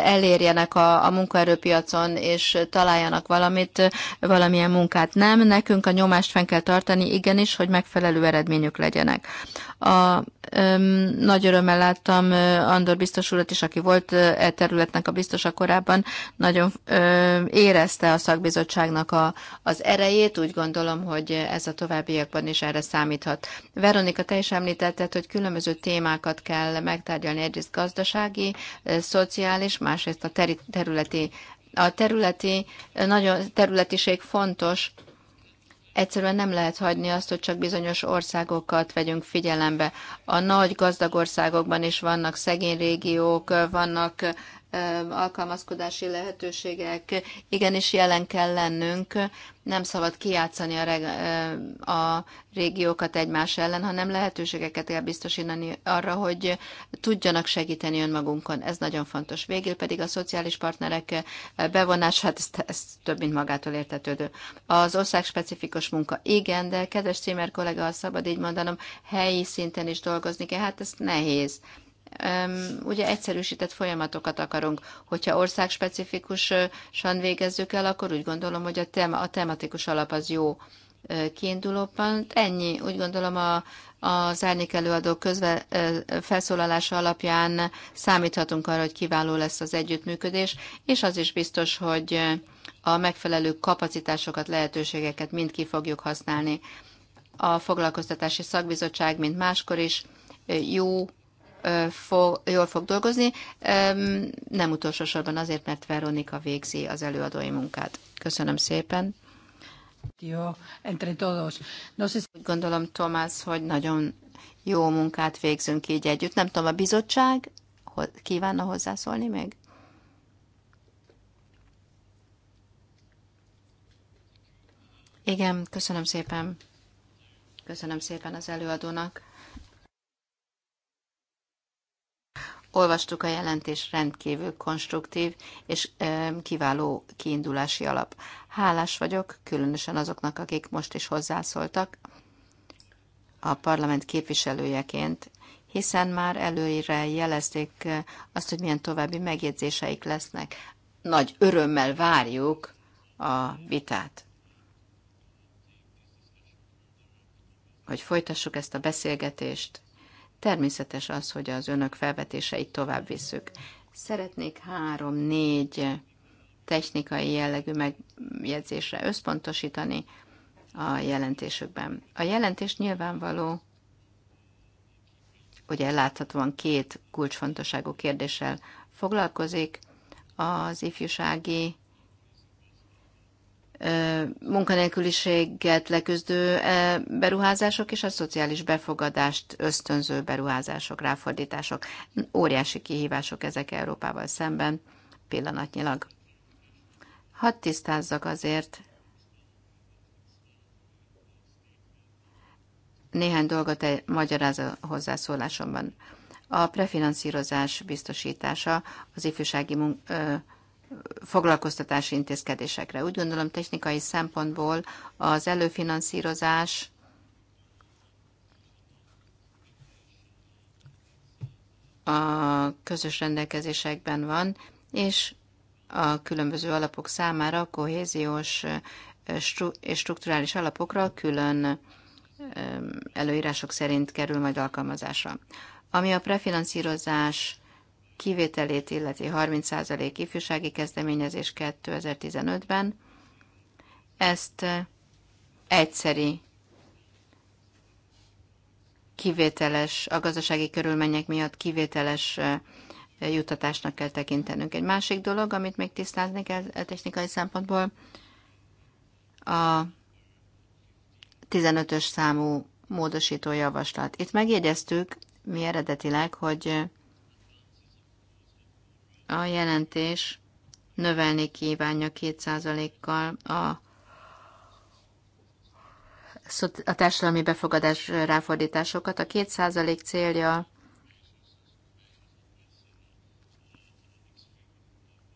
elérjenek a, a munkaerőpiacon, és találjanak valamit, valamilyen munkát. Nem, nekünk a nyomást fenn kell tartani, igenis, hogy megfelelő eredményük legyenek. A, öm, nagy örömmel láttam eh, Andor biztos urat is, aki volt eh, e területnek a biztosa korábban, nagyon érezte a szakbizottságnak a, az az erejét, úgy gondolom, hogy ez a továbbiakban is erre számíthat. Veronika, te is említetted, hogy különböző témákat kell megtárgyalni, egyrészt gazdasági, szociális, másrészt a ter- területi. A területi, nagyon területiség fontos, egyszerűen nem lehet hagyni azt, hogy csak bizonyos országokat vegyünk figyelembe. A nagy gazdag országokban is vannak szegény régiók, vannak alkalmazkodási lehetőségek, igenis jelen kell lennünk, nem szabad kiátszani a, reg- a régiókat egymás ellen, hanem lehetőségeket kell biztosítani arra, hogy tudjanak segíteni önmagunkon. Ez nagyon fontos. Végül pedig a szociális partnerek bevonását, ez, ez több, mint magától értetődő. Az ország specifikus munka, igen, de kedves Címer kollega, ha szabad így mondanom, helyi szinten is dolgozni kell, hát ez nehéz ugye egyszerűsített folyamatokat akarunk. Hogyha országspecifikusan végezzük el, akkor úgy gondolom, hogy a, tema, a tematikus alap az jó kiinduló pont. Ennyi, úgy gondolom a, az árnyék előadó közve, felszólalása alapján számíthatunk arra, hogy kiváló lesz az együttműködés, és az is biztos, hogy a megfelelő kapacitásokat, lehetőségeket mind ki fogjuk használni. A foglalkoztatási szakbizottság, mint máskor is, jó fog, jól fog dolgozni, nem utolsó sorban azért, mert Veronika végzi az előadói munkát. Köszönöm szépen. Jó, entre todos. Nos, es... gondolom, Tomás, hogy nagyon jó munkát végzünk így együtt. Nem tudom, a bizottság kívánna hozzászólni még? Igen, köszönöm szépen. Köszönöm szépen az előadónak. Olvastuk a jelentés rendkívül konstruktív és kiváló kiindulási alap. Hálás vagyok, különösen azoknak, akik most is hozzászóltak a parlament képviselőjeként, hiszen már előre jelezték azt, hogy milyen további megjegyzéseik lesznek. Nagy örömmel várjuk a vitát. Hogy folytassuk ezt a beszélgetést Természetes az, hogy az önök felvetéseit tovább visszük. Szeretnék három-négy technikai jellegű megjegyzésre összpontosítani a jelentésükben. A jelentés nyilvánvaló, ugye láthatóan két kulcsfontosságú kérdéssel foglalkozik, az ifjúsági munkanélküliséget leküzdő e, beruházások és a szociális befogadást ösztönző beruházások, ráfordítások. Óriási kihívások ezek Európával szemben pillanatnyilag. Hadd tisztázzak azért néhány dolgot egy magyaráz a hozzászólásomban. A prefinanszírozás biztosítása az ifjúsági mun- foglalkoztatási intézkedésekre. Úgy gondolom technikai szempontból az előfinanszírozás a közös rendelkezésekben van, és a különböző alapok számára, kohéziós és strukturális alapokra külön előírások szerint kerül majd alkalmazásra. Ami a prefinanszírozás kivételét illeti 30% ifjúsági kezdeményezés 2015-ben. Ezt eh, egyszeri kivételes, a gazdasági körülmények miatt kivételes eh, juttatásnak kell tekintenünk. Egy másik dolog, amit még tisztázni kell eh, technikai szempontból, a 15-ös számú módosító javaslat. Itt megjegyeztük mi eredetileg, hogy a jelentés növelni kívánja 2%-kal a a társadalmi befogadás ráfordításokat. A 2% célja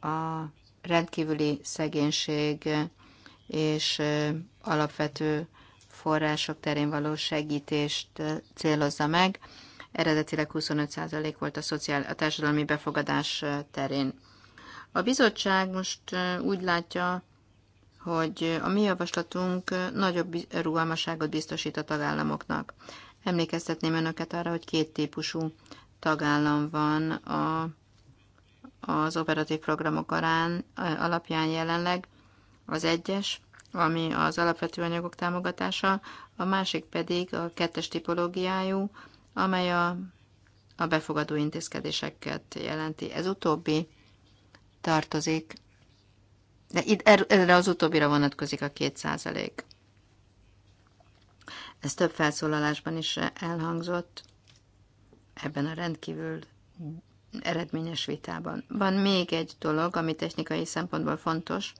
a rendkívüli szegénység és alapvető források terén való segítést célozza meg eredetileg 25% volt a, szociál, a társadalmi befogadás terén. A bizottság most úgy látja, hogy a mi javaslatunk nagyobb rugalmasságot biztosít a tagállamoknak. Emlékeztetném önöket arra, hogy két típusú tagállam van a, az operatív programok arán, alapján jelenleg. Az egyes, ami az alapvető anyagok támogatása, a másik pedig a kettes tipológiájú, amely a, a befogadó intézkedéseket jelenti. Ez utóbbi tartozik, de itt, er, erre az utóbbira vonatkozik a két százalék. Ez több felszólalásban is elhangzott ebben a rendkívül eredményes vitában. Van még egy dolog, ami technikai szempontból fontos,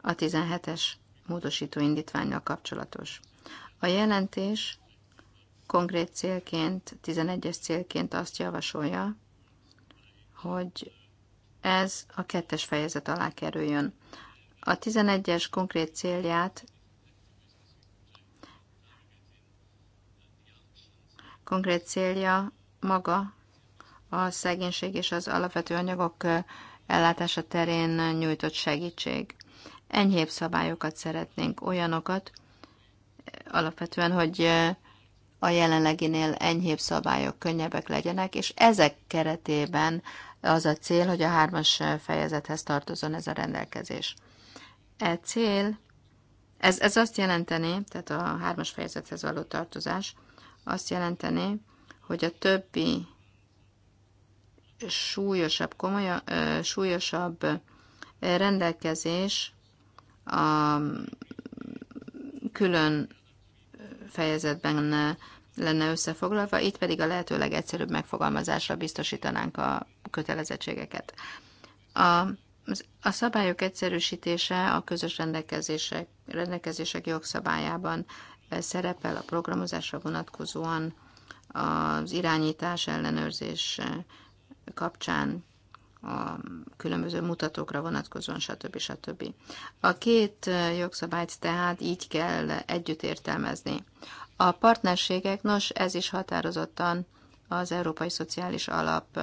a 17-es módosító indítványnal kapcsolatos. A jelentés konkrét célként, 11-es célként azt javasolja, hogy ez a kettes fejezet alá kerüljön. A 11-es konkrét célját konkrét célja maga a szegénység és az alapvető anyagok ellátása terén nyújtott segítség. Enyhébb szabályokat szeretnénk, olyanokat, alapvetően, hogy a jelenleginél enyhébb szabályok könnyebbek legyenek, és ezek keretében az a cél, hogy a hármas fejezethez tartozon ez a rendelkezés. E cél, ez, ez azt jelenteni, tehát a hármas fejezethez való tartozás, azt jelenteni, hogy a többi súlyosabb, komolya, súlyosabb rendelkezés a külön fejezetben lenne összefoglalva, itt pedig a lehető legegyszerűbb megfogalmazásra biztosítanánk a kötelezettségeket. A, a szabályok egyszerűsítése a közös rendelkezések, rendelkezések jogszabályában szerepel a programozásra vonatkozóan az irányítás ellenőrzés kapcsán a különböző mutatókra vonatkozóan, stb. stb. A két jogszabályt tehát így kell együtt értelmezni. A partnerségek, nos, ez is határozottan az Európai Szociális Alap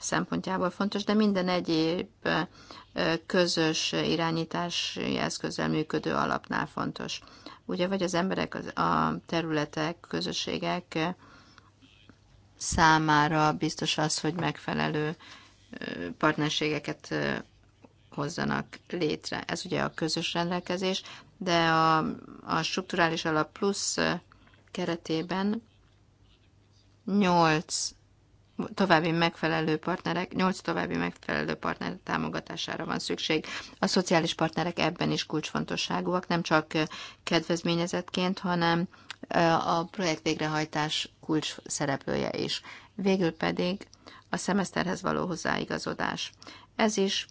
szempontjából fontos, de minden egyéb közös irányítási eszközzel működő alapnál fontos. Ugye vagy az emberek, a területek, közösségek számára biztos az, hogy megfelelő partnerségeket hozzanak létre. Ez ugye a közös rendelkezés, de a, a strukturális alap plusz keretében 8 további megfelelő partnerek, 8 további megfelelő partner támogatására van szükség. A szociális partnerek ebben is kulcsfontosságúak, nem csak kedvezményezetként, hanem a projekt végrehajtás kulcs szereplője is. Végül pedig a szemeszterhez való hozzáigazodás. Ez is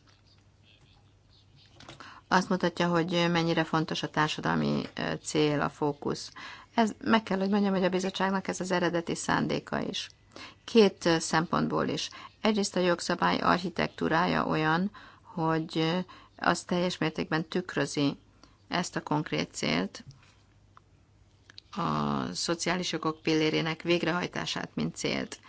azt mutatja, hogy mennyire fontos a társadalmi cél, a fókusz. Ez, meg kell, hogy mondjam, hogy a bizottságnak ez az eredeti szándéka is. Két szempontból is. Egyrészt a jogszabály architektúrája olyan, hogy az teljes mértékben tükrözi ezt a konkrét célt, a szociális jogok pillérének végrehajtását, mint célt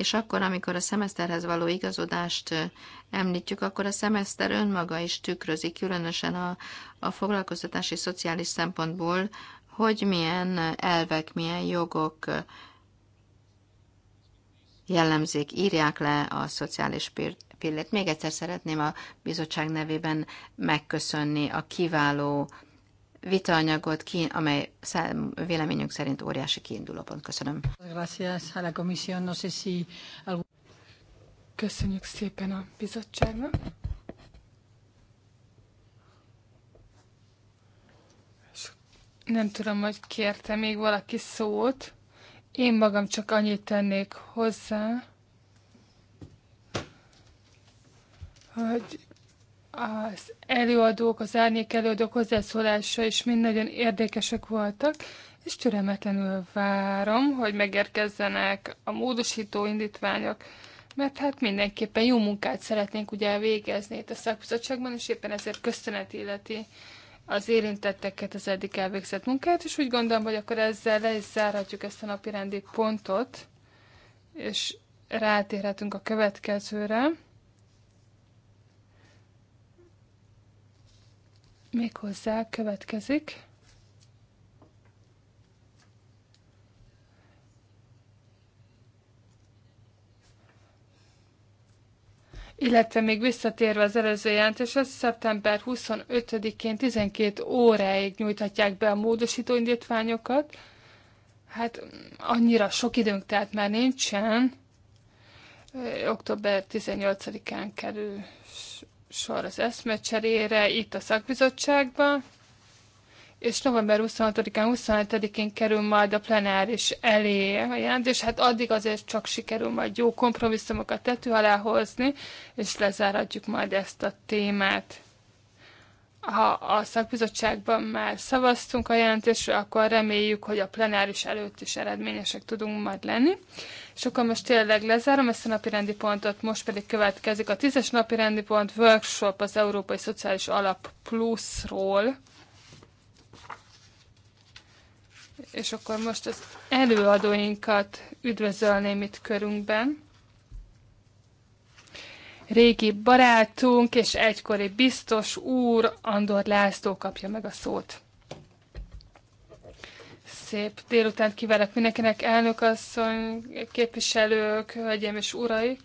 és akkor, amikor a szemeszterhez való igazodást említjük, akkor a szemeszter önmaga is tükrözi, különösen a, a foglalkoztatási szociális szempontból, hogy milyen elvek, milyen jogok jellemzik, írják le a szociális pillét. Még egyszer szeretném a bizottság nevében megköszönni a kiváló vitaanyagot, amely szám, véleményünk szerint óriási kiindulópont. Köszönöm. Köszönjük szépen a bizottságnak. Nem tudom, hogy kérte még valaki szót. Én magam csak annyit tennék hozzá, hogy az előadók, az árnyék előadók hozzászólása is mind nagyon érdekesek voltak, és türelmetlenül várom, hogy megérkezzenek a módosító indítványok, mert hát mindenképpen jó munkát szeretnénk ugye végezni itt a szakbizottságban, és éppen ezért köszönet illeti az érintetteket az eddig elvégzett munkát, és úgy gondolom, hogy akkor ezzel le is zárhatjuk ezt a napi rendi pontot, és rátérhetünk a következőre. Méghozzá következik. illetve még visszatérve az előző jelentéshez, szeptember 25-én 12 óráig nyújthatják be a módosító indítványokat. Hát annyira sok időnk tehát már nincsen. Október 18-án kerül sor az eszmecserére itt a szakbizottságban, és november 26-án, 27-én kerül majd a plenáris elé a jelentés, hát addig azért csak sikerül majd jó kompromisszumokat tető alá hozni, és lezáradjuk majd ezt a témát ha a szakbizottságban már szavaztunk a jelentésről, akkor reméljük, hogy a plenáris előtt is eredményesek tudunk majd lenni. És akkor most tényleg lezárom ezt a napi rendi pontot, most pedig következik a tízes napi rendi pont workshop az Európai Szociális Alap Pluszról. És akkor most az előadóinkat üdvözölném itt körünkben régi barátunk és egykori biztos úr Andor László kapja meg a szót. Szép délután kívánok mindenkinek, asszony, képviselők, hölgyeim és uraik.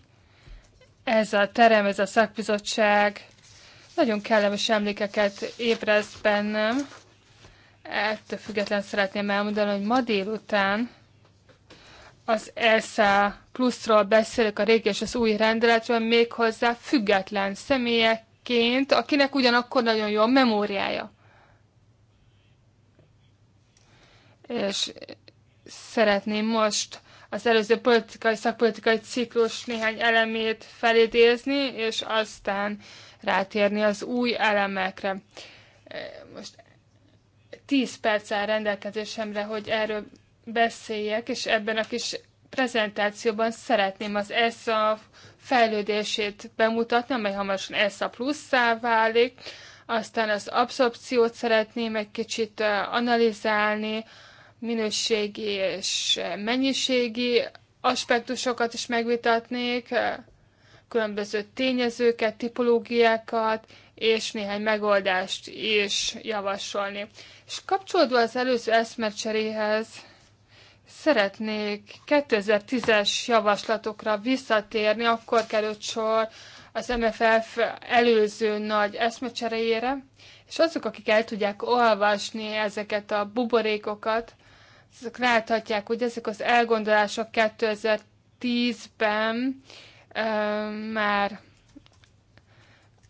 Ez a terem, ez a szakbizottság nagyon kellemes emlékeket ébreszt bennem. Ettől független szeretném elmondani, hogy ma délután az ESA pluszról beszélek a régi és az új rendeletről, méghozzá független személyekként, akinek ugyanakkor nagyon jó a memóriája. És szeretném most az előző politikai, szakpolitikai ciklus néhány elemét felidézni, és aztán rátérni az új elemekre. Most 10 perc áll rendelkezésemre, hogy erről beszéljek, és ebben a kis prezentációban szeretném az ESA fejlődését bemutatni, amely hamarosan ESA pluszá válik, aztán az abszorpciót szeretném egy kicsit eh, analizálni, minőségi és mennyiségi aspektusokat is megvitatnék, eh, különböző tényezőket, tipológiákat, és néhány megoldást is javasolni. És kapcsolódva az előző eszmecseréhez, Szeretnék 2010-es javaslatokra visszatérni, akkor került sor az MFF előző nagy eszmecserejére, és azok, akik el tudják olvasni ezeket a buborékokat, azok láthatják, hogy ezek az elgondolások 2010-ben e, már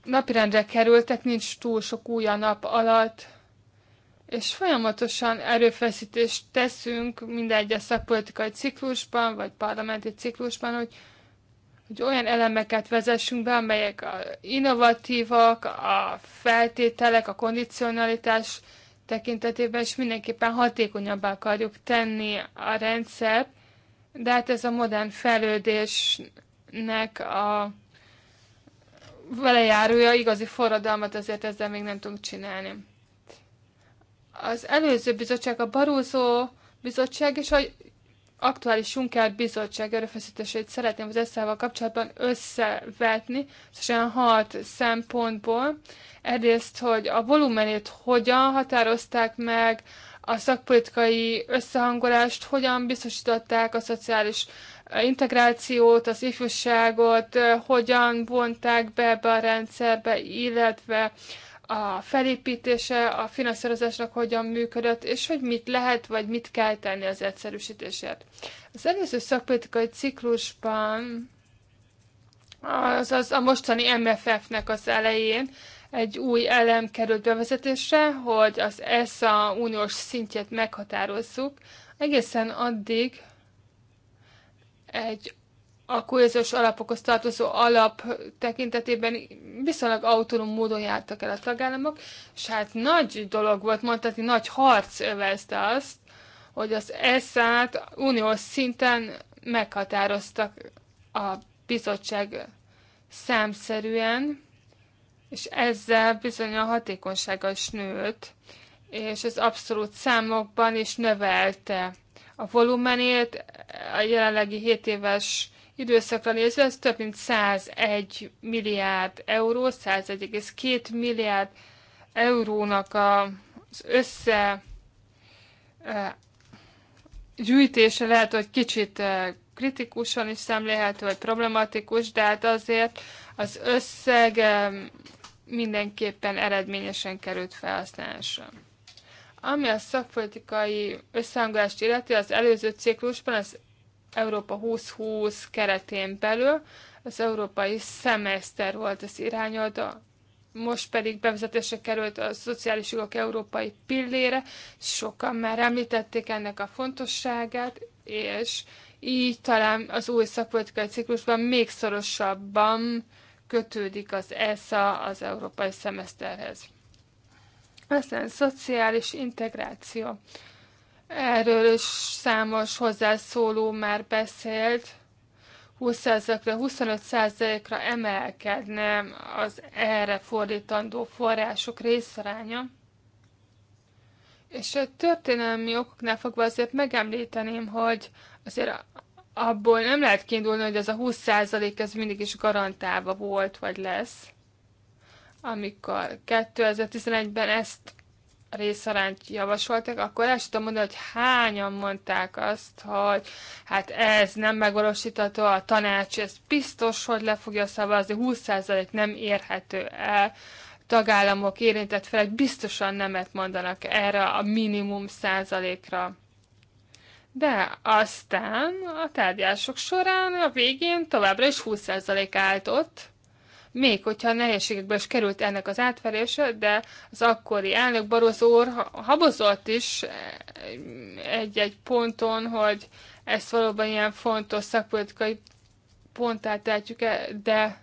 napirendre kerültek, nincs túl sok új a nap alatt, és folyamatosan erőfeszítést teszünk minden egyes szakpolitikai ciklusban, vagy parlamenti ciklusban, hogy, hogy olyan elemeket vezessünk be, amelyek a innovatívak, a feltételek, a kondicionalitás tekintetében, és mindenképpen hatékonyabbá akarjuk tenni a rendszer, de hát ez a modern fejlődésnek a velejárója, igazi forradalmat azért ezzel még nem tudunk csinálni az előző bizottság, a Barózó bizottság és a aktuális Juncker bizottság erőfeszítését szeretném az eszával kapcsolatban összevetni, szóval hat szempontból. Egyrészt, hogy a volumenét hogyan határozták meg, a szakpolitikai összehangolást, hogyan biztosították a szociális eh, integrációt, az ifjúságot, eh, hogyan vonták be ebbe a rendszerbe, illetve a felépítése a finanszírozásnak hogyan működött, és hogy mit lehet, vagy mit kell tenni az egyszerűsítésért. Az előző szakpolitikai ciklusban, azaz a mostani MFF-nek az elején egy új elem került bevezetésre, hogy az ESA uniós szintjét meghatározzuk. Egészen addig egy a kohéziós alapokhoz tartozó alap tekintetében viszonylag autonóm módon jártak el a tagállamok, és hát nagy dolog volt, mondhatni, nagy harc övezte azt, hogy az ESZ-át uniós szinten meghatároztak a bizottság számszerűen, és ezzel bizony a hatékonysága is nőtt, és az abszolút számokban is növelte a volumenét, a jelenlegi 7 éves időszakra nézve ez több mint 101 milliárd euró, 101,2 milliárd eurónak az össze gyűjtése lehet, hogy kicsit kritikusan is szemlélhető, vagy problematikus, de hát azért az összeg mindenképpen eredményesen került felhasználásra. Ami a szakpolitikai összehangolást illeti, az előző ciklusban az Európa 2020 keretén belül. Az európai szemeszter volt az irányolta, most pedig bevezetésre került a szociális jogok európai pillére. Sokan már említették ennek a fontosságát, és így talán az új szakpolitikai ciklusban még szorosabban kötődik az ESA az európai szemeszterhez. Aztán szociális integráció. Erről is számos hozzászóló már beszélt. 20%-ra, 25%-ra emelkedne az erre fordítandó források részaránya. És a történelmi okoknál fogva azért megemlíteném, hogy azért abból nem lehet kiindulni, hogy ez a 20% ez mindig is garantálva volt, vagy lesz. Amikor 2011-ben ezt részarányt javasoltak, akkor el tudom mondani, hogy hányan mondták azt, hogy hát ez nem megvalósítható, a tanács ez biztos, hogy le fogja szavazni, 20% nem érhető el, tagállamok érintett felek biztosan nemet mondanak erre a minimum százalékra. De aztán a tárgyások során a végén továbbra is 20% állt ott, még hogyha nehézségekből is került ennek az átverése, de az akkori elnök Barozó úr habozott is e, egy-egy ponton, hogy ezt valóban ilyen fontos szakpolitikai ponttá tehetjük -e, de,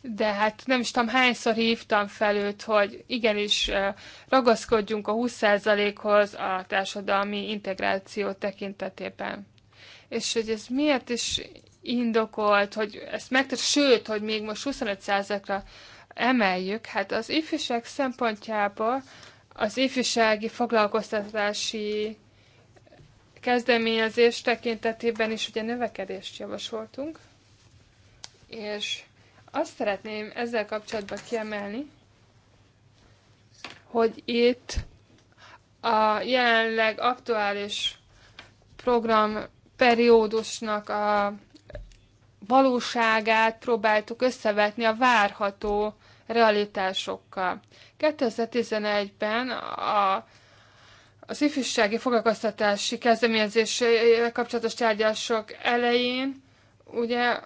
de hát nem is tudom hányszor hívtam fel őt, hogy igenis e, ragaszkodjunk a 20%-hoz a társadalmi integráció tekintetében. És hogy ez miért is indokolt, hogy ezt megtett, sőt, hogy még most 25%-ra emeljük, hát az ifjúság szempontjából az ifjúsági foglalkoztatási kezdeményezés tekintetében is ugye növekedést javasoltunk, és azt szeretném ezzel kapcsolatban kiemelni, hogy itt a jelenleg aktuális program periódusnak a valóságát próbáltuk összevetni a várható realitásokkal. 2011-ben a az ifjúsági foglalkoztatási kezdeményezésével kapcsolatos tárgyalások elején ugye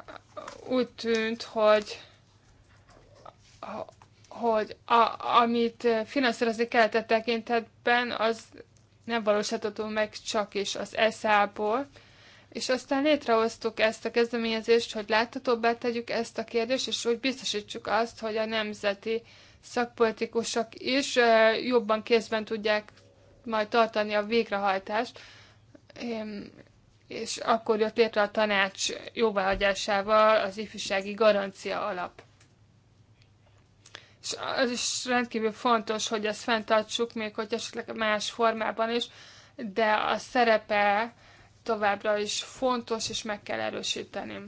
úgy tűnt, hogy hogy a, amit finanszírozni kellett a tekintetben, az nem valósítható meg csak is az ESZ-ból, és aztán létrehoztuk ezt a kezdeményezést, hogy láthatóbbá tegyük ezt a kérdést, és hogy biztosítsuk azt, hogy a nemzeti szakpolitikusok is jobban kézben tudják majd tartani a végrehajtást, és akkor jött létre a tanács jóváhagyásával az ifjúsági garancia alap. És az is rendkívül fontos, hogy ezt fenntartsuk, még hogy esetleg más formában is, de a szerepe továbbra is fontos, és meg kell erősíteni.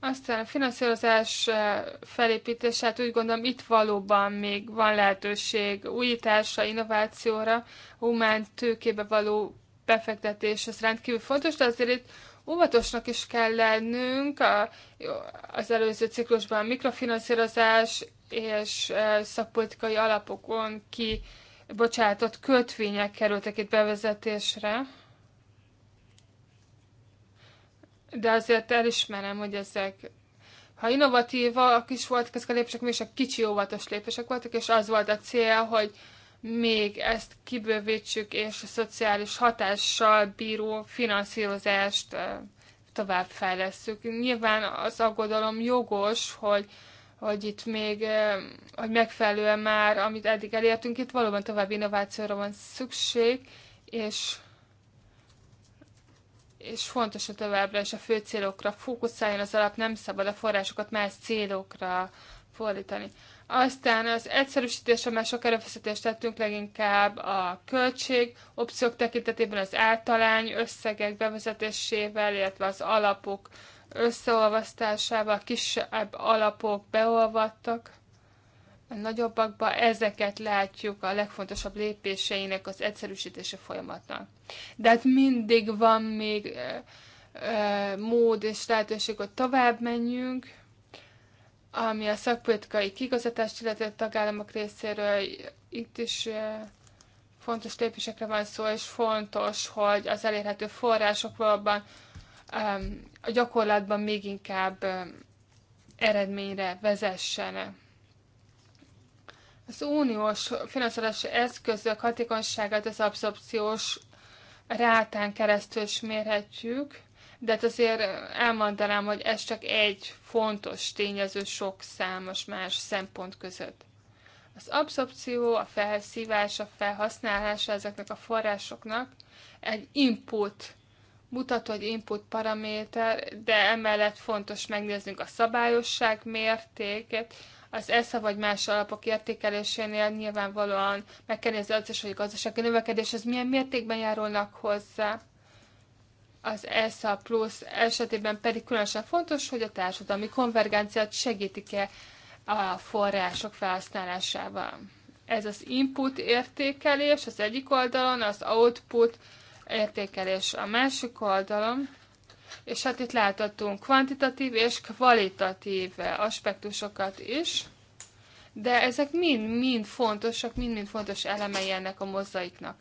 Aztán a finanszírozás eh, felépítése, hát úgy gondolom itt valóban még van lehetőség újításra, innovációra, humán tőkébe való befektetés, ez rendkívül fontos, de azért itt óvatosnak is kell lennünk. A, az előző ciklusban a mikrofinanszírozás és eh, szakpolitikai alapokon ki bocsátott kötvények kerültek itt bevezetésre de azért elismerem, hogy ezek ha innovatívak is voltak ezek a lépések, mégis a kicsi óvatos lépések voltak, és az volt a cél, hogy még ezt kibővítsük, és a szociális hatással bíró finanszírozást továbbfejlesztjük. Nyilván az aggodalom jogos, hogy, hogy itt még, hogy megfelelően már, amit eddig elértünk, itt valóban tovább innovációra van szükség, és és fontos, hogy továbbra is a fő célokra fókuszáljon az alap, nem szabad a forrásokat más célokra fordítani. Aztán az egyszerűsítésre már sok erőfeszítést tettünk, leginkább a költség opciók tekintetében az általány összegek bevezetésével, illetve az alapok összeolvasztásával, kisebb alapok beolvadtak a nagyobbakba, ezeket látjuk a legfontosabb lépéseinek az egyszerűsítése folyamatnak. De hát mindig van még ö, ö, mód és lehetőség, hogy tovább menjünk, ami a szakpolitikai kigazatást illetve a tagállamok részéről itt is ö, fontos lépésekre van szó, és fontos, hogy az elérhető források valóban a gyakorlatban még inkább eredményre vezessenek. Az uniós finanszírozási eszközök hatékonyságát az abszorpciós rátán keresztül is mérhetjük, de hát azért elmondanám, hogy ez csak egy fontos tényező sok számos más szempont között. Az abszorpció, a felszívás, a felhasználása ezeknek a forrásoknak egy input mutat, hogy input paraméter, de emellett fontos megnéznünk a szabályosság mértékét, az ESZA vagy más alapok értékelésénél nyilvánvalóan meg kell nézni az is, hogy a gazdasági növekedés az milyen mértékben járulnak hozzá. Az ESZA plusz esetében pedig különösen fontos, hogy a társadalmi konvergenciát segítik-e a források felhasználásával. Ez az input értékelés az egyik oldalon, az output értékelés a másik oldalon és hát itt láthatunk kvantitatív és kvalitatív aspektusokat is, de ezek mind-mind fontosak, mind-mind fontos elemei ennek a mozaiknak.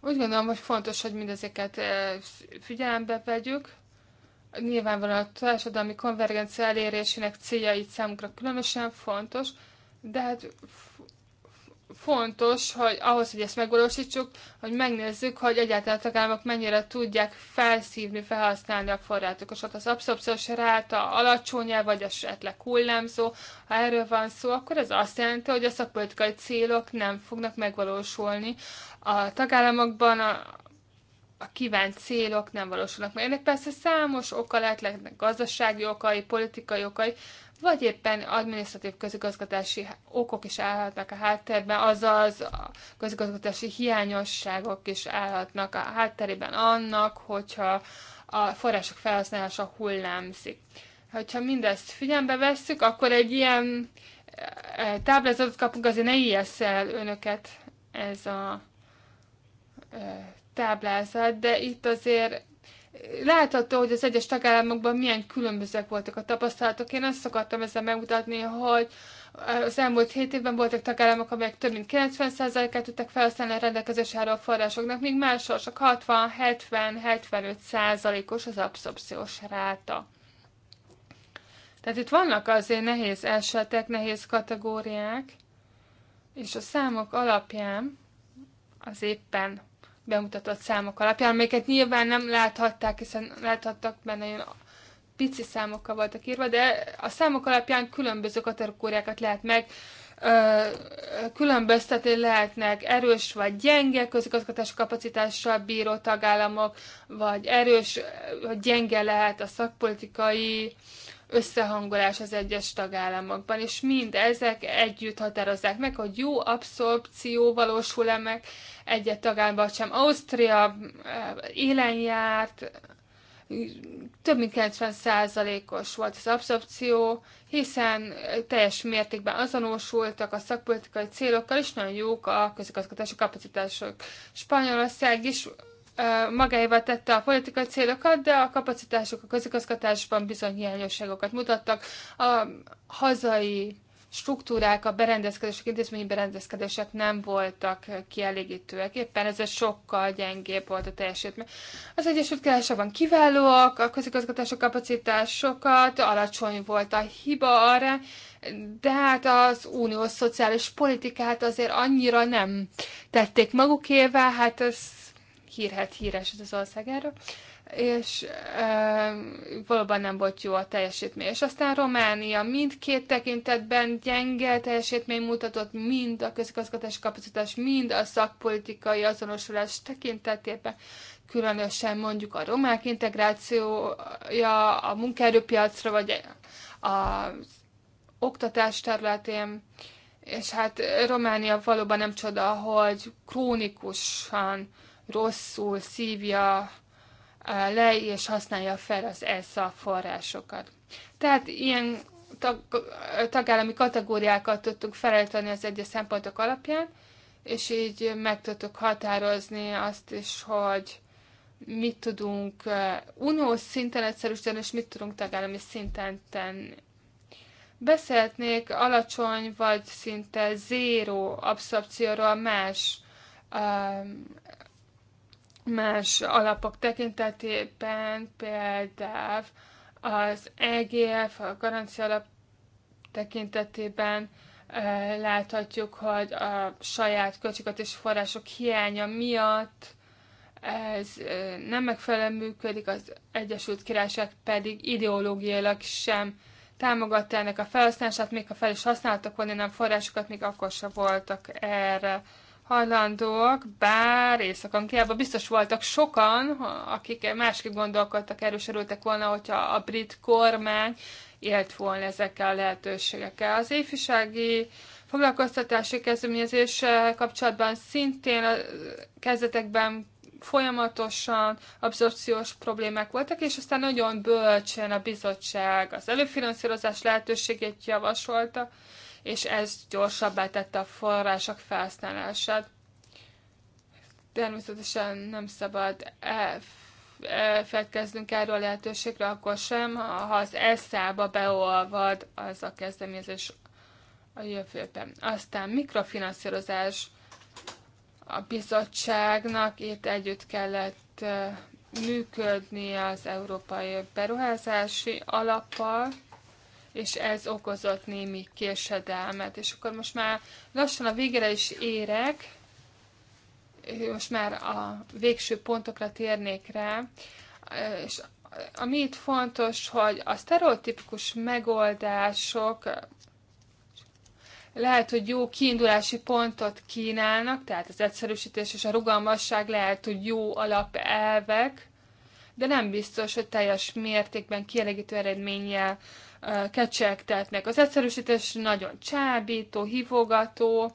Úgy gondolom, hogy fontos, hogy mindezeket eh, figyelembe vegyük. Nyilvánvalóan a társadalmi konvergencia elérésének célja itt számunkra különösen fontos, de hát fontos, hogy ahhoz, hogy ezt megvalósítsuk, hogy megnézzük, hogy egyáltalán a tagállamok mennyire tudják felszívni, felhasználni a forrásokat. Az abszorpciós ráta alacsony -e, vagy esetleg hullámzó, ha erről van szó, akkor ez azt jelenti, hogy a szakpolitikai célok nem fognak megvalósulni. A tagállamokban a, a kívánt célok nem valósulnak meg. Ennek persze számos oka lehet, lehetnek gazdasági okai, politikai okai, vagy éppen adminisztratív közigazgatási okok is állhatnak a háttérben, azaz a közigazgatási hiányosságok is állhatnak a hátterében annak, hogyha a források felhasználása hullámzik. Hogyha mindezt figyelembe vesszük, akkor egy ilyen eh, táblázatot kapunk, azért ne ijessz el önöket ez a eh, táblázat, de itt azért látható, hogy az egyes tagállamokban milyen különbözőek voltak a tapasztalatok. Én azt szokottam ezzel megmutatni, hogy az elmúlt 7 évben voltak tagállamok, amelyek több mint 90%-át tudtak felhasználni a rendelkezés álló forrásoknak, míg máshol csak 60-70-75%-os az abszorpciós ráta. Tehát itt vannak azért nehéz esetek, nehéz kategóriák, és a számok alapján az éppen bemutatott számok alapján, amelyeket nyilván nem láthatták, hiszen láthattak benne olyan pici számokkal voltak írva, de a számok alapján különböző kategóriákat lehet meg ö, különböztetni lehetnek erős vagy gyenge közigazgatási kapacitással bíró tagállamok, vagy erős vagy gyenge lehet a szakpolitikai összehangolás az egyes tagállamokban, és mind ezek együtt határozzák meg, hogy jó abszorpció valósul-e meg egyet tagállamban sem. Ausztria eh, élen járt, több mint 90%-os volt az abszorpció, hiszen teljes mértékben azonosultak a szakpolitikai célokkal, és nagyon jók a közigazgatási kapacitások. Spanyolország is eh, magáévá tette a politikai célokat, de a kapacitások a közigazgatásban bizony hiányosságokat mutattak. A hazai struktúrák, a berendezkedések, intézményi berendezkedések nem voltak kielégítőek, éppen ez sokkal gyengébb volt a teljesítmény. Az Egyesült Királyságban kiválóak, a közigazgatások kapacitás sokat, alacsony volt a hiba arra, de hát az uniós szociális politikát azért annyira nem tették magukével, hát ez hírhet híres ez az ország erről és e, valóban nem volt jó a teljesítmény. És aztán Románia mindkét tekintetben gyenge teljesítmény mutatott, mind a közigazgatási kapacitás, mind a szakpolitikai azonosulás tekintetében, különösen mondjuk a romák integrációja a munkaerőpiacra, vagy az oktatás területén, és hát Románia valóban nem csoda, hogy krónikusan rosszul szívja le és használja fel az ESZA forrásokat. Tehát ilyen tag, tagállami kategóriákat tudtunk felállítani az egyes szempontok alapján, és így meg tudtuk határozni azt is, hogy mit tudunk uniós szinten egyszerűsíteni, és mit tudunk tagállami szinten tenni. Beszélhetnék alacsony vagy szinte zéró abszorpcióról más más alapok tekintetében, például az EGF, a garancia alap tekintetében láthatjuk, hogy a saját költségvetési források hiánya miatt ez nem megfelelően működik, az Egyesült Királyság pedig ideológiailag sem támogatta ennek a felhasználását, még ha fel is használtak volna nem forrásokat, még akkor sem voltak erre hajlandóak, bár észak biztos voltak sokan, akik másképp gondolkodtak, erősörültek volna, hogyha a brit kormány élt volna ezekkel a lehetőségekkel. Az éjfisági foglalkoztatási kezdeményezés kapcsolatban szintén a kezdetekben folyamatosan abszorpciós problémák voltak, és aztán nagyon bölcsen a bizottság az előfinanszírozás lehetőségét javasolta, és ez gyorsabbá tette a források felhasználását. Természetesen nem szabad elfelejtkeznünk erről a lehetőségre, akkor sem, ha az eszába beolvad az a kezdeményezés a jövőben. Aztán mikrofinanszírozás a bizottságnak itt együtt kellett működni az Európai Beruházási Alappal, és ez okozott némi késedelmet. És akkor most már lassan a végére is érek, most már a végső pontokra térnék rá, és ami itt fontos, hogy a sztereotipikus megoldások lehet, hogy jó kiindulási pontot kínálnak, tehát az egyszerűsítés és a rugalmasság lehet, hogy jó alapelvek, de nem biztos, hogy teljes mértékben kielégítő eredménnyel kecsegtetnek. Az egyszerűsítés nagyon csábító, hívogató,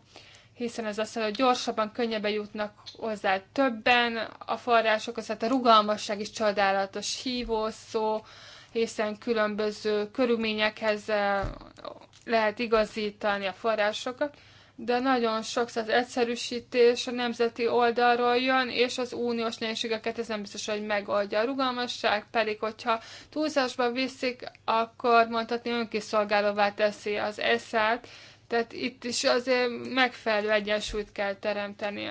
hiszen ez azt jelenti, hogy gyorsabban, könnyebben jutnak hozzá többen a forrásokhoz, tehát a rugalmasság is csodálatos hívószó, hiszen különböző körülményekhez lehet igazítani a forrásokat de nagyon sokszor az egyszerűsítés a nemzeti oldalról jön, és az uniós nehézségeket ez nem biztos, hogy megoldja. A rugalmasság pedig, hogyha túlzásba viszik, akkor mondhatni önkiszolgálóvá teszi az eszát, tehát itt is azért megfelelő egyensúlyt kell teremteni.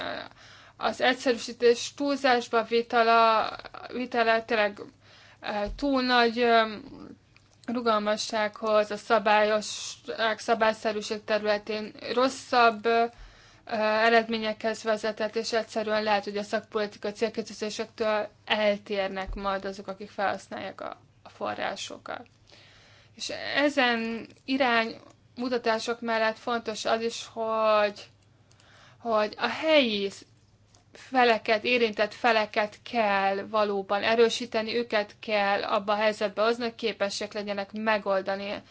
Az egyszerűsítés túlzásba vitala, vitele tényleg eh, túl nagy eh, rugalmassághoz, a szabályosság, szabályszerűség területén rosszabb eredményekhez vezetett, és egyszerűen lehet, hogy a szakpolitika célkitűzésektől eltérnek majd azok, akik felhasználják a, a forrásokat. És ezen irány mutatások mellett fontos az is, hogy, hogy a helyi feleket, érintett feleket kell valóban erősíteni, őket kell abba a helyzetbe hozni, hogy képesek legyenek megoldani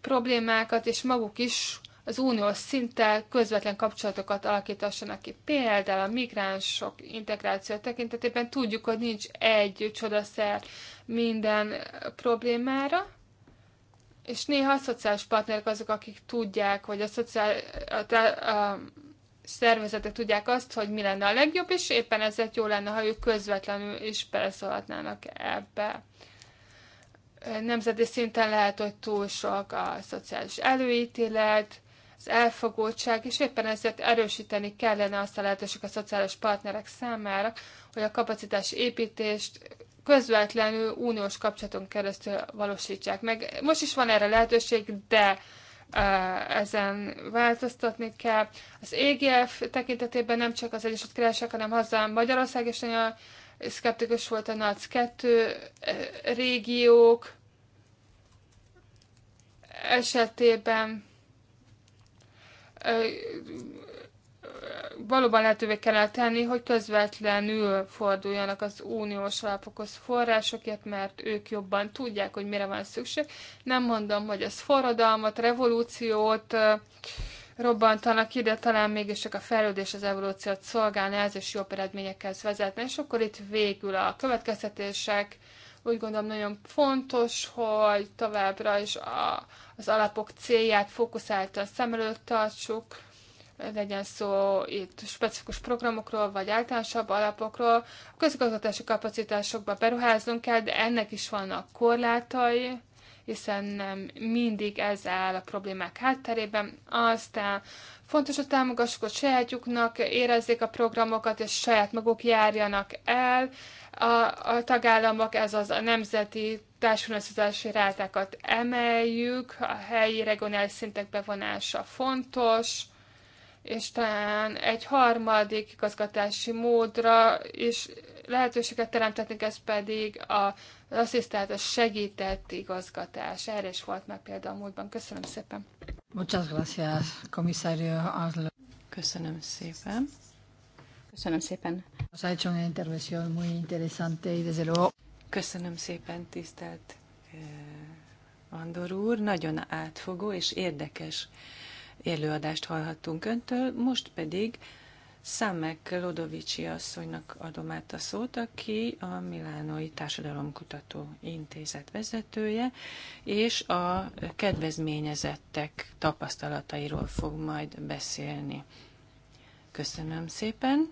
problémákat, és maguk is az uniós szinttel közvetlen kapcsolatokat alakítassanak ki. Például a migránsok integráció tekintetében tudjuk, hogy nincs egy csodaszer minden problémára, és néha a szociális partnerek azok, akik tudják, hogy a, szociális a, a, a szervezetek tudják azt, hogy mi lenne a legjobb, és éppen ezért jó lenne, ha ők közvetlenül is beleszólhatnának ebbe. Nemzeti szinten lehet, hogy túl sok a szociális előítélet, az elfogultság, és éppen ezért erősíteni kellene azt a lehetőséget a szociális partnerek számára, hogy a kapacitás építést közvetlenül uniós kapcsolaton keresztül valósítsák meg. Most is van erre lehetőség, de ezen változtatni kell. Az EGF tekintetében nem csak az Egyesült Királyság, hanem hazám Magyarország is nagyon szkeptikus volt a NAC 2 régiók esetében valóban lehetővé kellene tenni, hogy közvetlenül forduljanak az uniós alapokhoz forrásokért, mert ők jobban tudják, hogy mire van szükség. Nem mondom, hogy ez forradalmat, revolúciót robbantanak ide, talán mégis csak a fejlődés az evolúciót szolgálna, ez is jobb eredményekhez vezetne. És akkor itt végül a következtetések, úgy gondolom nagyon fontos, hogy továbbra is a, az alapok célját fókuszáltan szem előtt tartsuk, legyen szó itt specifikus programokról, vagy általánosabb alapokról. A közigazgatási kapacitásokba beruházunk, kell, de ennek is vannak korlátai, hiszen nem mindig ez áll a problémák hátterében. Aztán fontos, hogy támogassuk hogy sajátjuknak, érezzék a programokat, és saját maguk járjanak el. A, a tagállamok, ez az a nemzeti társadalmi rátákat emeljük, a helyi regionális szintek bevonása fontos és talán egy harmadik igazgatási módra is lehetőséget teremtetnek, ez pedig a az asszisztált, a segített igazgatás. Erre is volt már példa a múltban. Köszönöm szépen. Muchas gracias, komisario Köszönöm szépen. Köszönöm szépen. Nos ha hecho una intervención muy interesante y desde luego... Köszönöm szépen, tisztelt Andor úr. Nagyon átfogó és érdekes előadást hallhattunk öntől, most pedig Számek Lodovicsi asszonynak adom át a szót, aki a Milánoi Társadalomkutató Intézet vezetője, és a kedvezményezettek tapasztalatairól fog majd beszélni. Köszönöm szépen,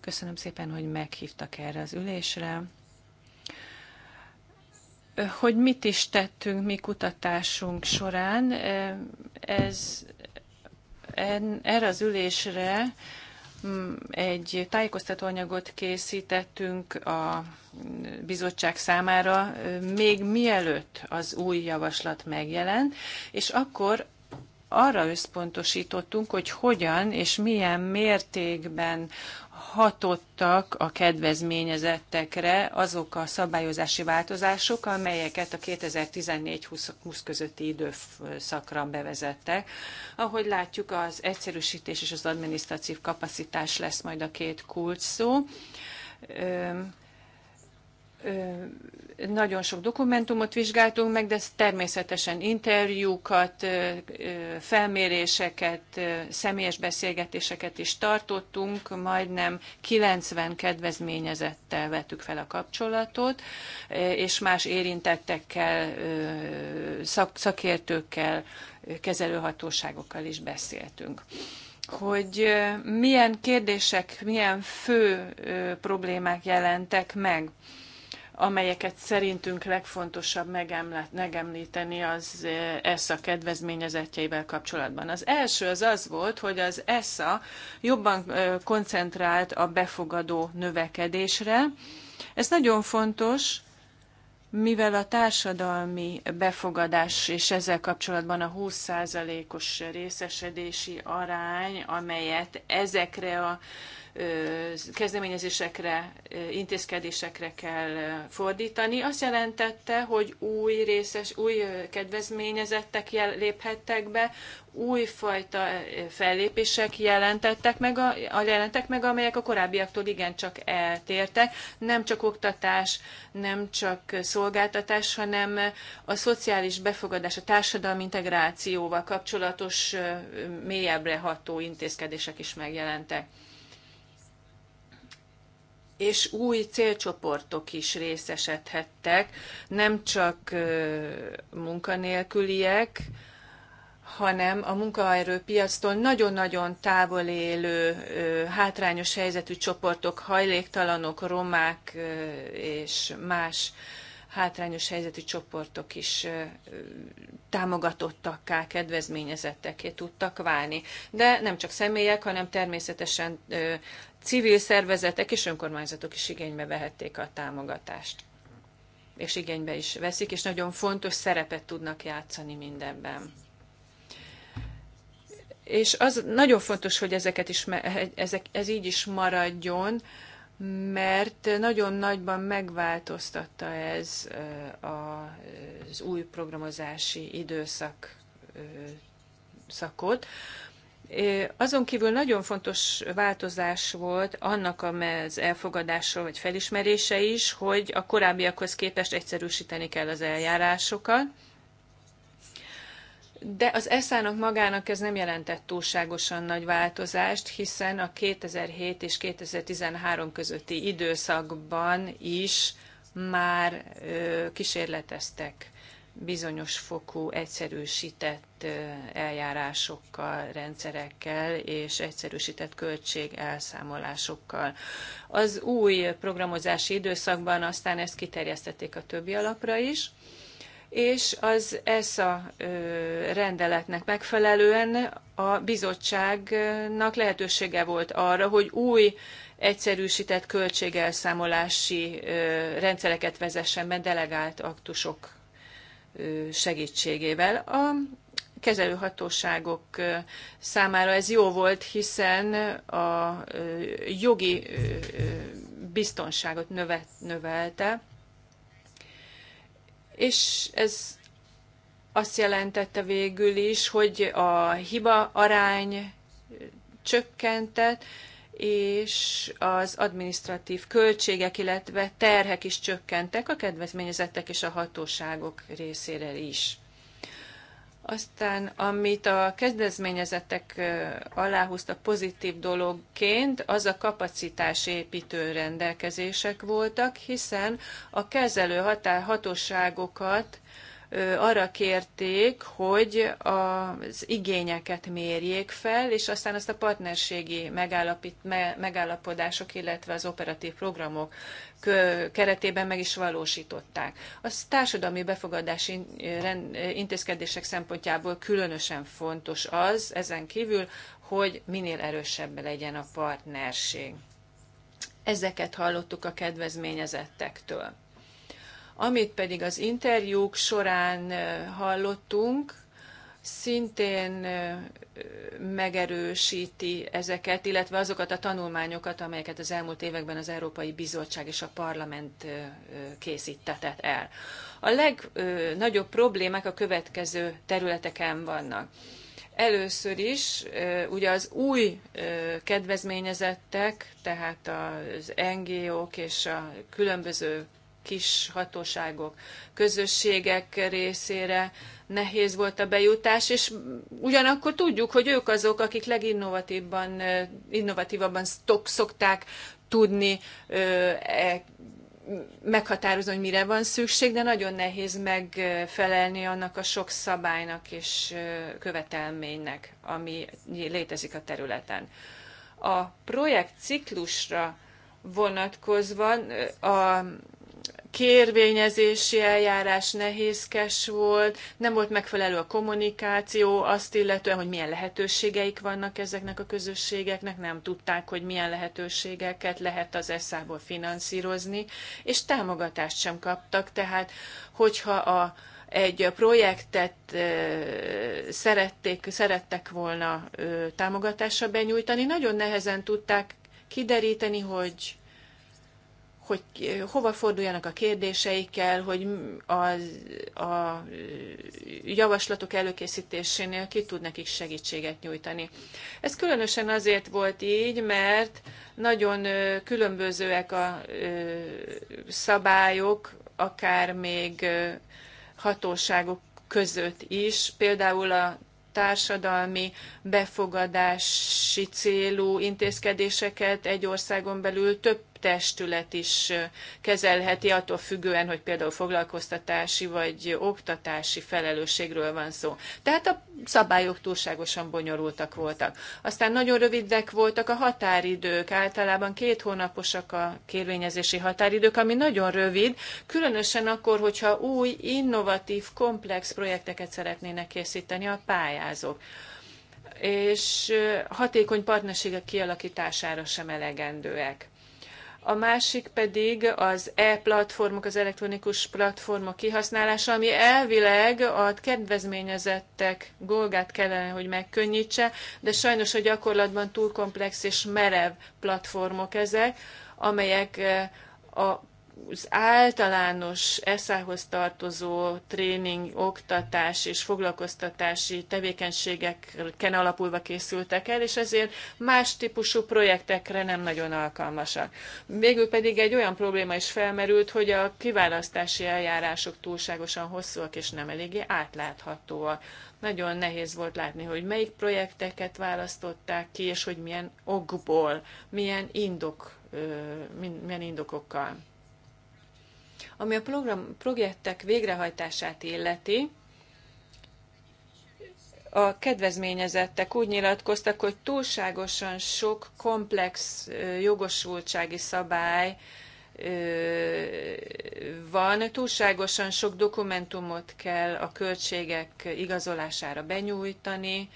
köszönöm szépen, hogy meghívtak erre az ülésre. Hogy mit is tettünk mi kutatásunk során, ez erre az ülésre mm, egy tájékoztatóanyagot készítettünk a bizottság számára, még mielőtt az új javaslat megjelent, és akkor arra összpontosítottunk, hogy hogyan és milyen mértékben hatottak a kedvezményezettekre azok a szabályozási változások, amelyeket a 2014-20 közötti időszakra bevezettek. Ahogy látjuk, az egyszerűsítés és az adminisztratív kapacitás lesz majd a két kulcs szó nagyon sok dokumentumot vizsgáltunk meg, de természetesen interjúkat, felméréseket, személyes beszélgetéseket is tartottunk, majdnem 90 kedvezményezettel vettük fel a kapcsolatot, és más érintettekkel, szakértőkkel, kezelőhatóságokkal is beszéltünk hogy milyen kérdések, milyen fő problémák jelentek meg amelyeket szerintünk legfontosabb megemlíteni az eh, ESSA kedvezményezetjeivel kapcsolatban. Az első az az volt, hogy az ESSA jobban eh, koncentrált a befogadó növekedésre. Ez nagyon fontos, mivel a társadalmi befogadás és ezzel kapcsolatban a 20%-os részesedési arány, amelyet ezekre a kezdeményezésekre, intézkedésekre kell fordítani. Azt jelentette, hogy új részes, új kedvezményezettek jel, léphettek be, újfajta fellépések jelentettek meg, a, jelentek meg, amelyek a korábbiaktól igencsak eltértek. Nem csak oktatás, nem csak szolgáltatás, hanem a szociális befogadás, a társadalmi integrációval kapcsolatos mélyebbre ható intézkedések is megjelentek és új célcsoportok is részesedhettek, nem csak munkanélküliek, hanem a munkaerőpiactól nagyon-nagyon távol élő, hátrányos helyzetű csoportok, hajléktalanok, romák és más hátrányos helyzetű csoportok is támogatottakká, kedvezményezetteké tudtak válni. De nem csak személyek, hanem természetesen civil szervezetek és önkormányzatok is igénybe vehették a támogatást. És igénybe is veszik, és nagyon fontos szerepet tudnak játszani mindenben. És az nagyon fontos, hogy ezeket is, ezek, ez így is maradjon, mert nagyon nagyban megváltoztatta ez az új programozási időszak szakot. Azon kívül nagyon fontos változás volt annak az elfogadása vagy felismerése is, hogy a korábbiakhoz képest egyszerűsíteni kell az eljárásokat, de az eszának magának ez nem jelentett túlságosan nagy változást, hiszen a 2007 és 2013 közötti időszakban is már kísérleteztek bizonyos fokú egyszerűsített eljárásokkal, rendszerekkel és egyszerűsített költségelszámolásokkal. Az új programozási időszakban aztán ezt kiterjesztették a többi alapra is, és az ESA rendeletnek megfelelően a bizottságnak lehetősége volt arra, hogy új egyszerűsített költségelszámolási rendszereket vezessen be delegált aktusok segítségével. A kezelőhatóságok számára ez jó volt, hiszen a jogi biztonságot növelte, és ez azt jelentette végül is, hogy a hiba arány csökkentett, és az administratív költségek, illetve terhek is csökkentek a kedvezményezettek és a hatóságok részére is. Aztán, amit a kezdezményezetek aláhúztak pozitív dologként, az a kapacitásépítő rendelkezések voltak, hiszen a kezelő hatóságokat arra kérték, hogy az igényeket mérjék fel, és aztán azt a partnerségi megállapodások, illetve az operatív programok keretében meg is valósították. A társadalmi befogadási intézkedések szempontjából különösen fontos az, ezen kívül, hogy minél erősebb legyen a partnerség. Ezeket hallottuk a kedvezményezettektől. Amit pedig az interjúk során hallottunk, szintén megerősíti ezeket, illetve azokat a tanulmányokat, amelyeket az elmúlt években az Európai Bizottság és a Parlament készítetett el. A legnagyobb problémák a következő területeken vannak. Először is ugye az új kedvezményezettek, tehát az NGO-k és a különböző kis hatóságok, közösségek részére nehéz volt a bejutás, és ugyanakkor tudjuk, hogy ők azok, akik leginnovatívabban innovatívabban szokták tudni e, meghatározni, hogy mire van szükség, de nagyon nehéz megfelelni annak a sok szabálynak és követelménynek, ami létezik a területen. A projekt ciklusra vonatkozva a kérvényezési eljárás nehézkes volt, nem volt megfelelő a kommunikáció, azt illetően, hogy milyen lehetőségeik vannak ezeknek a közösségeknek, nem tudták, hogy milyen lehetőségeket lehet az ESZÁ-ból finanszírozni, és támogatást sem kaptak, tehát hogyha a, egy projektet szerették, szerettek volna támogatásra benyújtani, nagyon nehezen tudták kideríteni, hogy hogy hova forduljanak a kérdéseikkel, hogy a, a javaslatok előkészítésénél ki tud nekik segítséget nyújtani. Ez különösen azért volt így, mert nagyon különbözőek a szabályok, akár még hatóságok között is. Például a társadalmi befogadási célú intézkedéseket egy országon belül több testület is kezelheti, attól függően, hogy például foglalkoztatási vagy oktatási felelősségről van szó. Tehát a szabályok túlságosan bonyolultak voltak. Aztán nagyon rövidek voltak a határidők, általában két hónaposak a kérvényezési határidők, ami nagyon rövid, különösen akkor, hogyha új, innovatív, komplex projekteket szeretnének készíteni a pályázók és hatékony partnerségek kialakítására sem elegendőek a másik pedig az e-platformok, az elektronikus platformok kihasználása, ami elvileg a kedvezményezettek dolgát kellene, hogy megkönnyítse, de sajnos a gyakorlatban túl komplex és merev platformok ezek, amelyek eh, a az általános eszához tartozó tréning, oktatás és foglalkoztatási tevékenységeken alapulva készültek el, és ezért más típusú projektekre nem nagyon alkalmasak. Végül pedig egy olyan probléma is felmerült, hogy a kiválasztási eljárások túlságosan hosszúak és nem eléggé átláthatóak. Nagyon nehéz volt látni, hogy melyik projekteket választották ki, és hogy milyen okból, milyen indok milyen indokokkal. Ami a program, projektek végrehajtását illeti, a kedvezményezettek úgy nyilatkoztak, hogy túlságosan sok komplex jogosultsági szabály van, túlságosan sok dokumentumot kell a költségek igazolására benyújtani,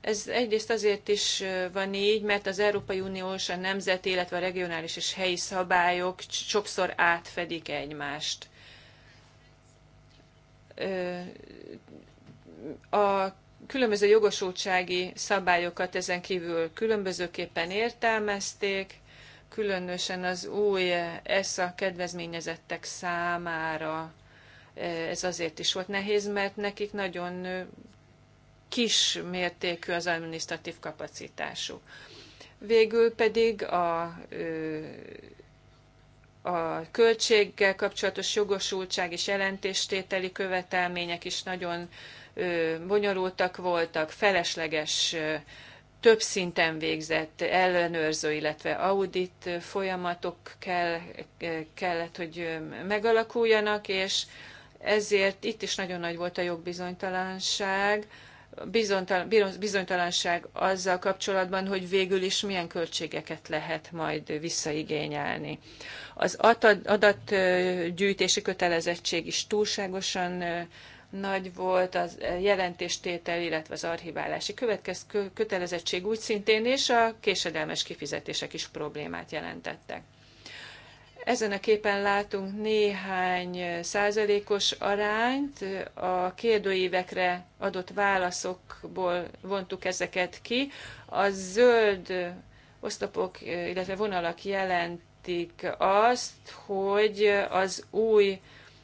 ez egyrészt azért is van így, mert az Európai Uniós, a nemzeti, illetve a regionális és helyi szabályok sokszor átfedik egymást. A különböző jogosultsági szabályokat ezen kívül különbözőképpen értelmezték, különösen az új ESZA kedvezményezettek számára ez azért is volt nehéz, mert nekik nagyon kis mértékű az administratív kapacitású. Végül pedig a a költséggel kapcsolatos jogosultság és jelentéstételi követelmények is nagyon bonyolultak voltak, felesleges több szinten végzett ellenőrző, illetve audit folyamatok kell, kellett, hogy megalakuljanak, és ezért itt is nagyon nagy volt a jogbizonytalanság, bizonytalanság azzal kapcsolatban, hogy végül is milyen költségeket lehet majd visszaigényelni. Az adatgyűjtési kötelezettség is túlságosan nagy volt az jelentéstétel, illetve az archiválási következő kötelezettség úgy szintén, és a késedelmes kifizetések is problémát jelentettek. Ezen a képen látunk néhány százalékos arányt, a kérdőívekre adott válaszokból vontuk ezeket ki. A zöld oszlopok, illetve vonalak jelentik azt, hogy az új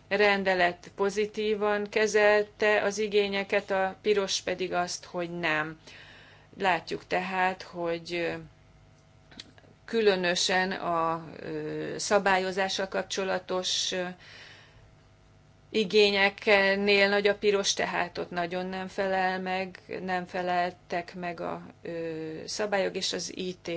rendelet pozitívan kezelte az igényeket, a piros pedig azt, hogy nem. Látjuk tehát, hogy különösen a szabályozással kapcsolatos igényeknél nagy a piros, tehát ott nagyon nem felel meg, nem feleltek meg a szabályok, és az IT,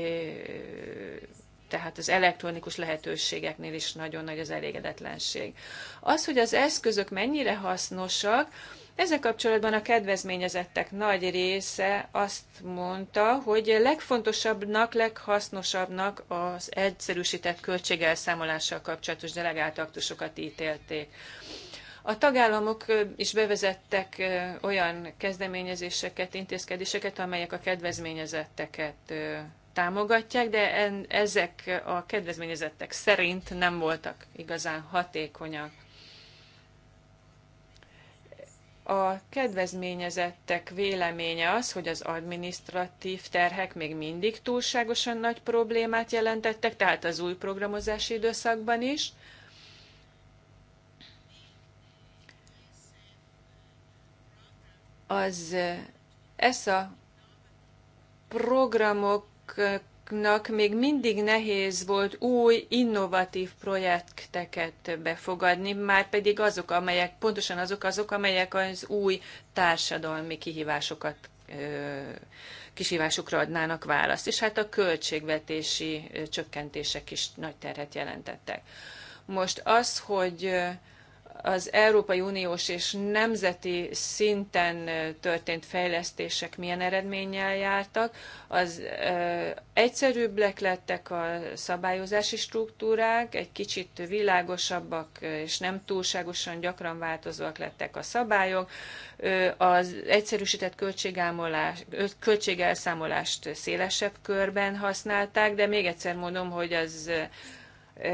tehát az elektronikus lehetőségeknél is nagyon nagy az elégedetlenség. Az, hogy az eszközök mennyire hasznosak, ezzel kapcsolatban a kedvezményezettek nagy része azt mondta, hogy legfontosabbnak, leghasznosabbnak az egyszerűsített költségelszámolással kapcsolatos delegált aktusokat ítélték. A tagállamok is bevezettek olyan kezdeményezéseket, intézkedéseket, amelyek a kedvezményezetteket támogatják, de ezek a kedvezményezettek szerint nem voltak igazán hatékonyak. A kedvezményezettek véleménye az, hogy az administratív terhek még mindig túlságosan nagy problémát jelentettek, tehát az új programozási időszakban is. Az ESA eh, programok eh, tagállamoknak még mindig nehéz volt új, innovatív projekteket befogadni, már pedig azok, amelyek, pontosan azok azok, amelyek az új társadalmi kihívásokat kisívásokra adnának választ. És hát a költségvetési csökkentések is nagy terhet jelentettek. Most az, hogy az Európai Uniós és nemzeti szinten történt fejlesztések milyen eredménnyel jártak, az ö, egyszerűbbek lettek a szabályozási struktúrák, egy kicsit világosabbak és nem túlságosan gyakran változóak lettek a szabályok, ö, az egyszerűsített költségelszámolást szélesebb körben használták, de még egyszer mondom, hogy az ö,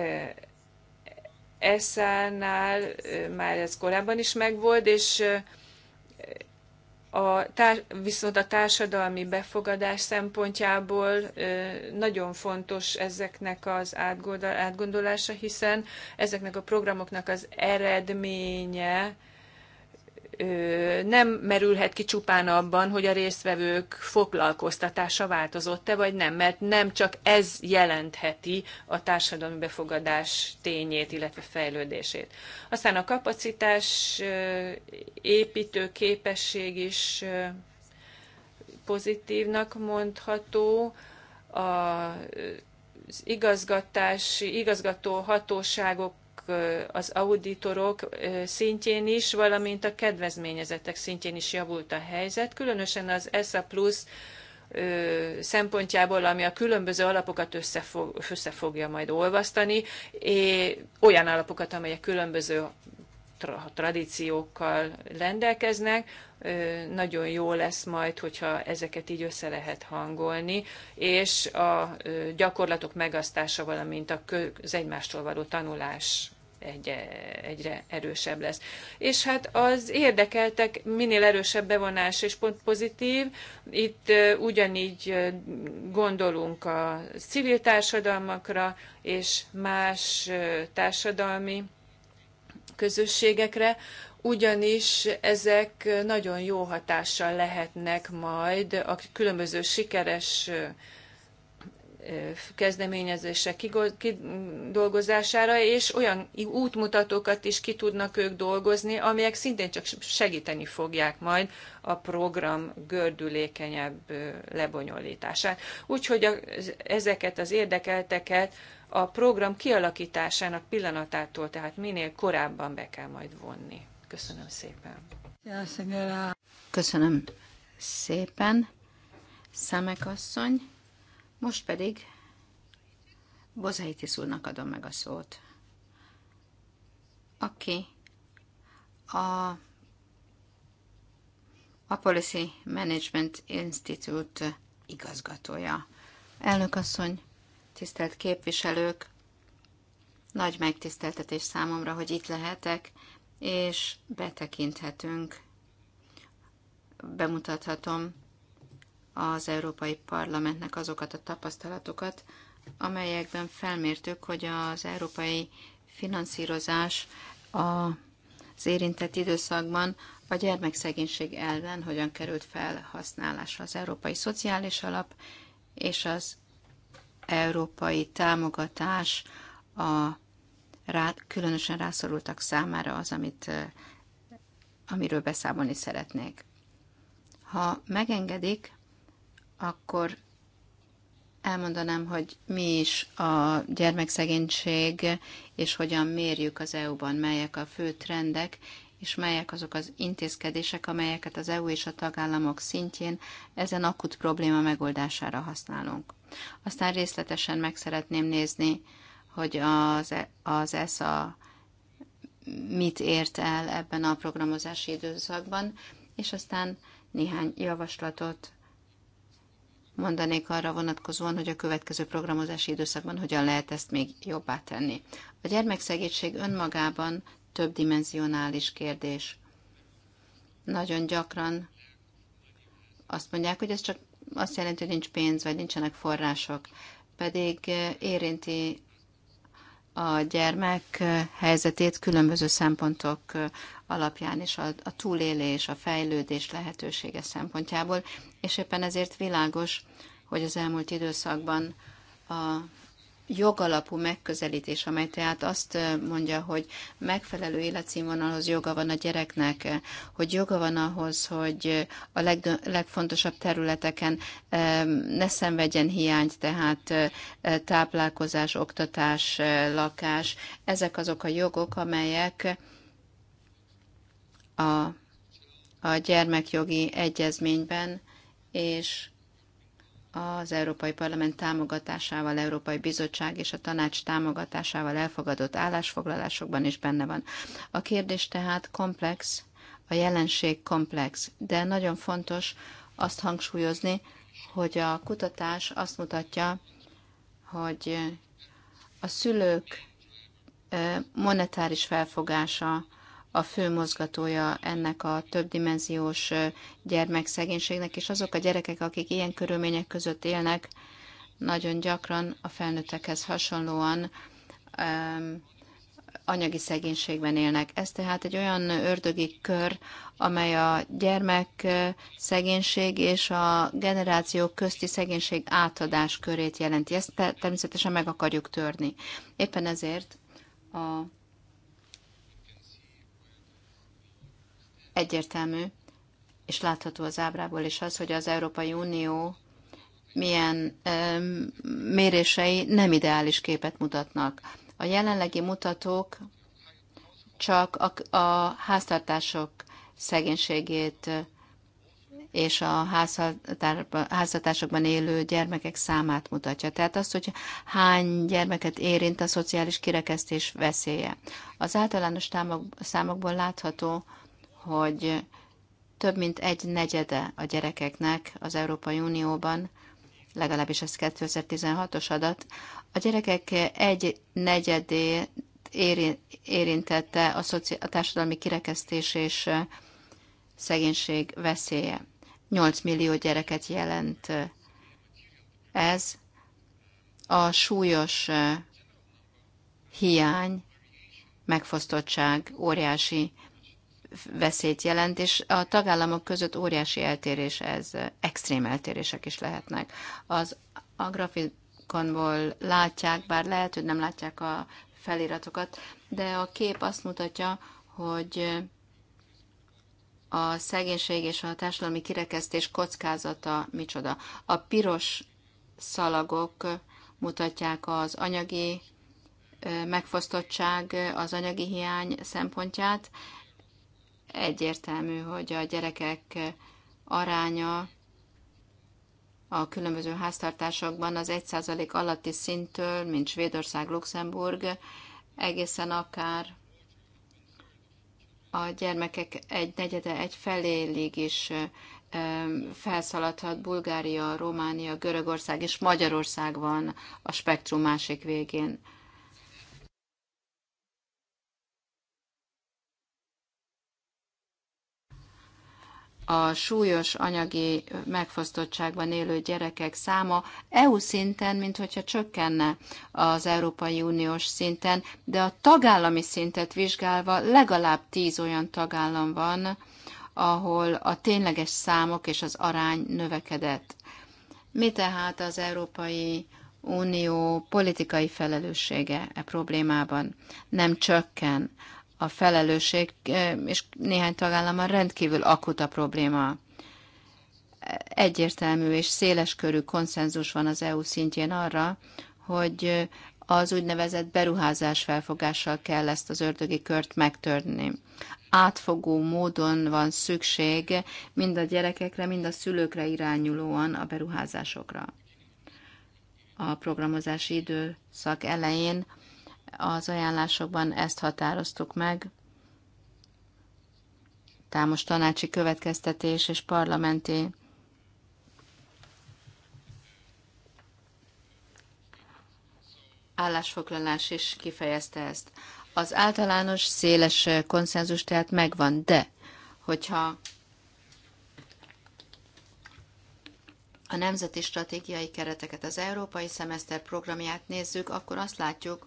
ESZÁ-nál már ez korábban is megvolt, és a tár- viszont a társadalmi befogadás szempontjából nagyon fontos ezeknek az átgondolása, hiszen ezeknek a programoknak az eredménye nem merülhet ki csupán abban, hogy a résztvevők foglalkoztatása változott-e, vagy nem, mert nem csak ez jelentheti a társadalmi befogadás tényét, illetve fejlődését. Aztán a kapacitás építő képesség is pozitívnak mondható. A az igazgatási, igazgató hatóságok az auditorok szintjén is, valamint a kedvezményezettek szintjén is javult a helyzet, különösen az ESA Plus szempontjából, ami a különböző alapokat összefog, összefogja majd olvasztani, és olyan alapokat, amelyek különböző tra- tradíciókkal rendelkeznek, nagyon jó lesz majd, hogyha ezeket így össze lehet hangolni, és a gyakorlatok megasztása, valamint az egymástól való tanulás egy, egyre erősebb lesz. És hát az érdekeltek minél erősebb bevonás, és pont pozitív, itt ugyanígy gondolunk a civil társadalmakra és más társadalmi közösségekre, ugyanis ezek nagyon jó hatással lehetnek majd a különböző sikeres kezdeményezése kidolgozására, és olyan útmutatókat is ki tudnak ők dolgozni, amelyek szintén csak segíteni fogják majd a program gördülékenyebb lebonyolítását. Úgyhogy ezeket az érdekelteket a program kialakításának pillanatától, tehát minél korábban be kell majd vonni. Köszönöm szépen. Köszönöm szépen. Szemek asszony. Most pedig Bozaitis úrnak adom meg a szót, aki a, a Policy Management Institute igazgatója. Elnök asszony, tisztelt képviselők, nagy megtiszteltetés számomra, hogy itt lehetek, és betekinthetünk, bemutathatom az Európai Parlamentnek azokat a tapasztalatokat, amelyekben felmértük, hogy az európai finanszírozás az érintett időszakban a gyermekszegénység ellen hogyan került felhasználásra az Európai Szociális Alap és az európai támogatás a rá, különösen rászorultak számára az, amit, amiről beszámolni szeretnék. Ha megengedik, akkor elmondanám, hogy mi is a gyermekszegénység, és hogyan mérjük az EU-ban, melyek a fő trendek, és melyek azok az intézkedések, amelyeket az EU és a tagállamok szintjén ezen akut probléma megoldására használunk. Aztán részletesen meg szeretném nézni, hogy az, e- az ESA mit ért el ebben a programozási időszakban, és aztán néhány javaslatot mondanék arra vonatkozóan, hogy a következő programozási időszakban hogyan lehet ezt még jobbá tenni. A gyermekszegétség önmagában több dimenzionális kérdés. Nagyon gyakran azt mondják, hogy ez csak azt jelenti, hogy nincs pénz, vagy nincsenek források, pedig eh, érinti a gyermek helyzetét különböző szempontok alapján is, a, a túlélés, a fejlődés lehetősége szempontjából, és éppen ezért világos, hogy az elmúlt időszakban a jogalapú megközelítés, amely tehát azt mondja, hogy megfelelő életszínvonalhoz joga van a gyereknek, hogy joga van ahhoz, hogy a leg, legfontosabb területeken ne szenvedjen hiányt, tehát táplálkozás, oktatás, lakás. Ezek azok a jogok, amelyek a, a gyermekjogi egyezményben és az Európai Parlament támogatásával, Európai Bizottság és a Tanács támogatásával elfogadott állásfoglalásokban is benne van. A kérdés tehát komplex, a jelenség komplex, de nagyon fontos azt hangsúlyozni, hogy a kutatás azt mutatja, hogy a szülők monetáris felfogása a fő mozgatója ennek a többdimenziós gyermekszegénységnek, és azok a gyerekek, akik ilyen körülmények között élnek, nagyon gyakran a felnőttekhez hasonlóan um, anyagi szegénységben élnek. Ez tehát egy olyan ördögi kör, amely a gyermek szegénység és a generációk közti szegénység átadás körét jelenti. Ezt természetesen meg akarjuk törni. Éppen ezért a Egyértelmű, és látható az ábrából is az, hogy az Európai Unió milyen ö, mérései nem ideális képet mutatnak. A jelenlegi mutatók csak a, a háztartások szegénységét és a háztartásokban élő gyermekek számát mutatja. Tehát azt, hogy hány gyermeket érint a szociális kirekesztés veszélye. Az általános számokból látható, hogy több mint egy negyede a gyerekeknek az Európai Unióban, legalábbis ez 2016-os adat, a gyerekek egy negyedét érintette a, szoci- a társadalmi kirekesztés és szegénység veszélye. 8 millió gyereket jelent ez. A súlyos hiány, megfosztottság óriási veszélyt jelent, és a tagállamok között óriási eltérés ez, extrém eltérések is lehetnek. Az a grafikonból látják, bár lehet, hogy nem látják a feliratokat, de a kép azt mutatja, hogy a szegénység és a társadalmi kirekesztés kockázata micsoda. A piros szalagok mutatják az anyagi megfosztottság, az anyagi hiány szempontját, egyértelmű, hogy a gyerekek aránya a különböző háztartásokban az 1% alatti szinttől, mint Svédország, Luxemburg, egészen akár a gyermekek egy negyede, egy felélig is felszaladhat Bulgária, Románia, Görögország és Magyarország van a spektrum másik végén. a súlyos anyagi megfosztottságban élő gyerekek száma EU szinten, mint hogyha csökkenne az Európai Uniós szinten, de a tagállami szintet vizsgálva legalább tíz olyan tagállam van, ahol a tényleges számok és az arány növekedett. Mi tehát az Európai Unió politikai felelőssége e problémában? Nem csökken a felelősség, eh, és néhány tagállamban rendkívül akut a probléma. Egyértelmű és széles körű konszenzus van az EU szintjén arra, hogy az úgynevezett beruházás felfogással kell ezt az ördögi kört megtörni. Átfogó módon van szükség mind a gyerekekre, mind a szülőkre irányulóan a beruházásokra. A programozási időszak elején az ajánlásokban ezt határoztuk meg. Támos tanácsi következtetés és parlamenti állásfoglalás is kifejezte ezt. Az általános széles konszenzus tehát megvan, de hogyha a nemzeti stratégiai kereteket, az európai szemeszter programját nézzük, akkor azt látjuk,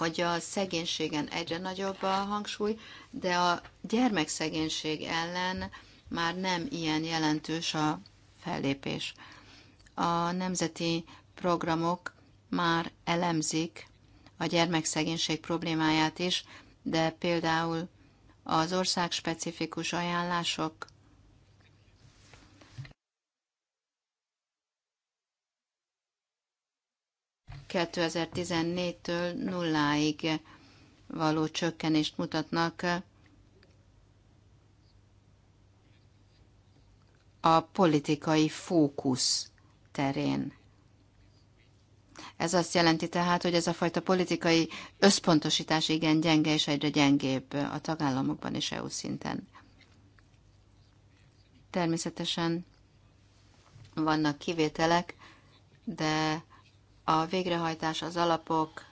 hogy a szegénységen egyre nagyobb a hangsúly, de a gyermekszegénység ellen már nem ilyen jelentős a fellépés. A nemzeti programok már elemzik a gyermekszegénység problémáját is, de például az országspecifikus ajánlások 2014-től nulláig való csökkenést mutatnak a politikai fókusz terén. Ez azt jelenti tehát, hogy ez a fajta politikai összpontosítás igen gyenge és egyre gyengébb a tagállamokban és EU szinten. Természetesen vannak kivételek, de a végrehajtás, az alapok,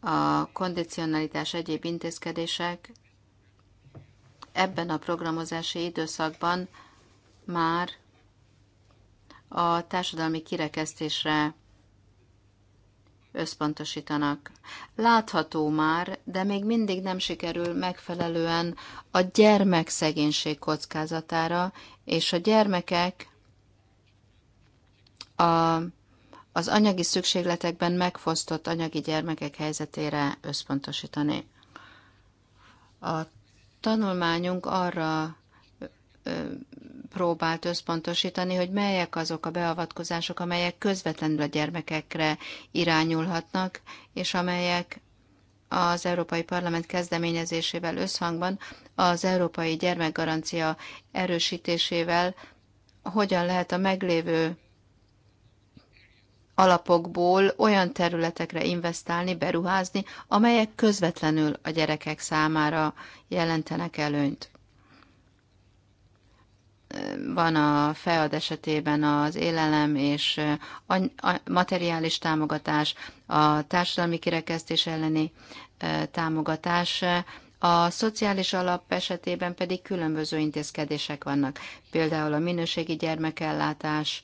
a kondicionalitás egyéb intézkedések ebben a programozási időszakban már a társadalmi kirekesztésre összpontosítanak. Látható már, de még mindig nem sikerül megfelelően a gyermekszegénység kockázatára, és a gyermekek a, az anyagi szükségletekben megfosztott anyagi gyermekek helyzetére összpontosítani. A tanulmányunk arra próbált összpontosítani, hogy melyek azok a beavatkozások, amelyek közvetlenül a gyermekekre irányulhatnak, és amelyek az Európai Parlament kezdeményezésével összhangban az Európai Gyermekgarancia erősítésével hogyan lehet a meglévő alapokból olyan területekre investálni, beruházni, amelyek közvetlenül a gyerekek számára jelentenek előnyt. Van a FEAD esetében az élelem és a materiális támogatás, a társadalmi kirekesztés elleni támogatás, a szociális alap esetében pedig különböző intézkedések vannak, például a minőségi gyermekellátás,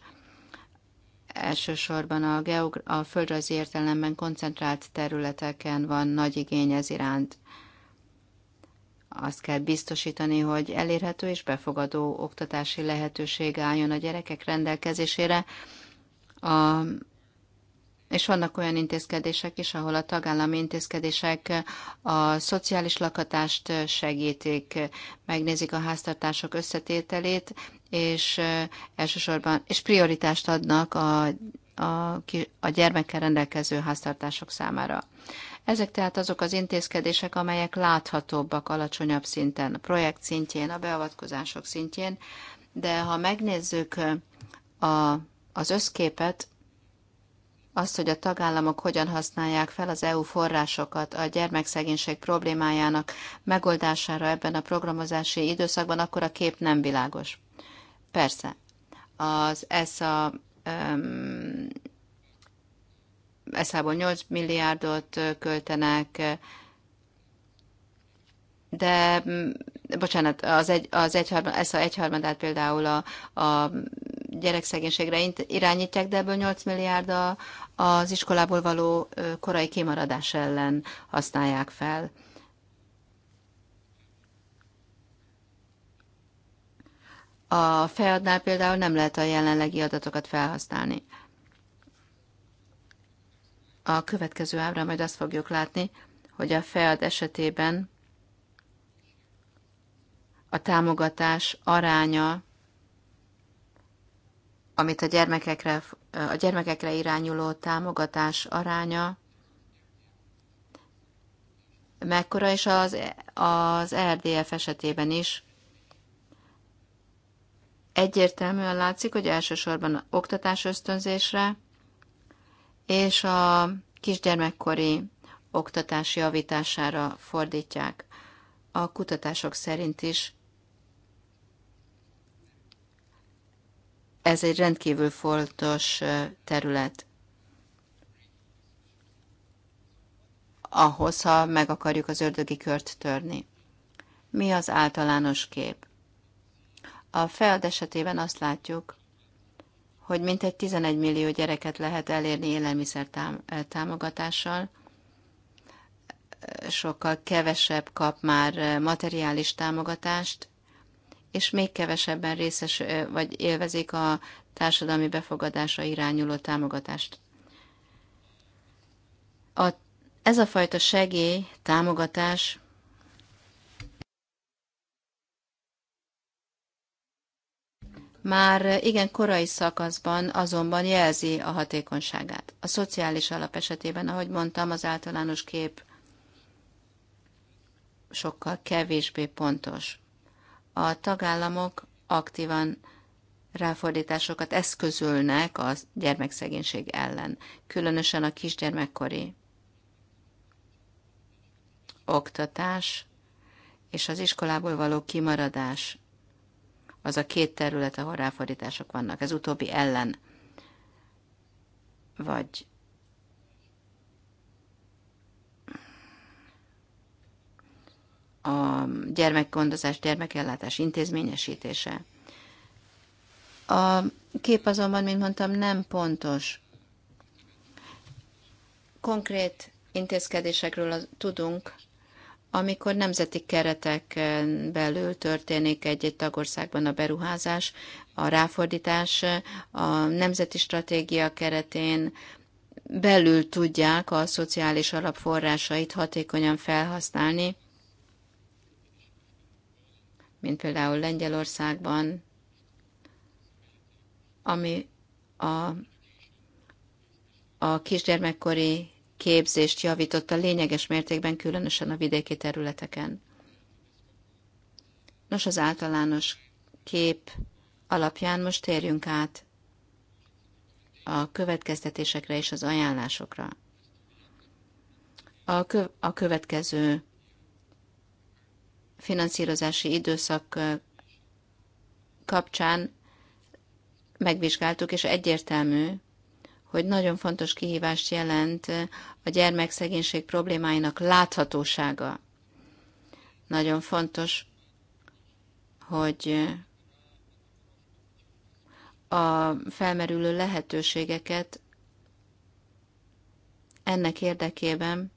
elsősorban a, geogra- a földrajzi értelemben koncentrált területeken van nagy igény ez iránt. Azt kell biztosítani, hogy elérhető és befogadó oktatási lehetőség álljon a gyerekek rendelkezésére a és vannak olyan intézkedések is, ahol a tagállami intézkedések a szociális lakatást segítik, megnézik a háztartások összetételét, és elsősorban és prioritást adnak a, a, a gyermekkel rendelkező háztartások számára. Ezek tehát azok az intézkedések, amelyek láthatóbbak alacsonyabb szinten, a projekt szintjén, a beavatkozások szintjén, de ha megnézzük a, az összképet, azt, hogy a tagállamok hogyan használják fel az EU forrásokat a gyermekszegénység problémájának megoldására ebben a programozási időszakban, akkor a kép nem világos. Persze, az ESA um, eszából 8 milliárdot költenek, de bocsánat, az, egy, az egyharmad, e egyharmadát például a, a gyerekszegénységre irányítják, de ebből 8 milliárd a, az iskolából való korai kimaradás ellen használják fel. A fead például nem lehet a jelenlegi adatokat felhasználni. A következő ábra majd azt fogjuk látni, hogy a FEAD esetében a támogatás aránya amit a gyermekekre, a gyermekekre irányuló támogatás aránya mekkora, és az, az RDF esetében is egyértelműen látszik, hogy elsősorban oktatás ösztönzésre és a kisgyermekkori oktatás javítására fordítják. A kutatások szerint is Ez egy rendkívül fontos terület. Ahhoz, ha meg akarjuk az ördögi kört törni. Mi az általános kép? A feld esetében azt látjuk, hogy mintegy 11 millió gyereket lehet elérni élelmiszer támogatással, sokkal kevesebb kap már materiális támogatást, és még kevesebben részes vagy élvezik a társadalmi befogadásra irányuló támogatást. A, ez a fajta segély, támogatás már igen korai szakaszban azonban jelzi a hatékonyságát. A szociális alap esetében, ahogy mondtam, az általános kép sokkal kevésbé pontos a tagállamok aktívan ráfordításokat eszközölnek a gyermekszegénység ellen, különösen a kisgyermekkori oktatás és az iskolából való kimaradás. Az a két terület, ahol ráfordítások vannak. Ez utóbbi ellen vagy a gyermekgondozás, gyermekellátás intézményesítése. A kép azonban, mint mondtam, nem pontos. Konkrét intézkedésekről tudunk, amikor nemzeti keretek eh, belül történik egy-egy tagországban a beruházás, a ráfordítás, eh, a nemzeti stratégia keretén belül tudják a szociális alapforrásait hatékonyan felhasználni, mint például Lengyelországban, ami a, a kisgyermekkori képzést javította lényeges mértékben, különösen a vidéki területeken. Nos, az általános kép alapján most térjünk át a következtetésekre és az ajánlásokra. A, kö- a következő finanszírozási időszak kapcsán megvizsgáltuk, és egyértelmű, hogy nagyon fontos kihívást jelent a gyermekszegénység problémáinak láthatósága. Nagyon fontos, hogy a felmerülő lehetőségeket ennek érdekében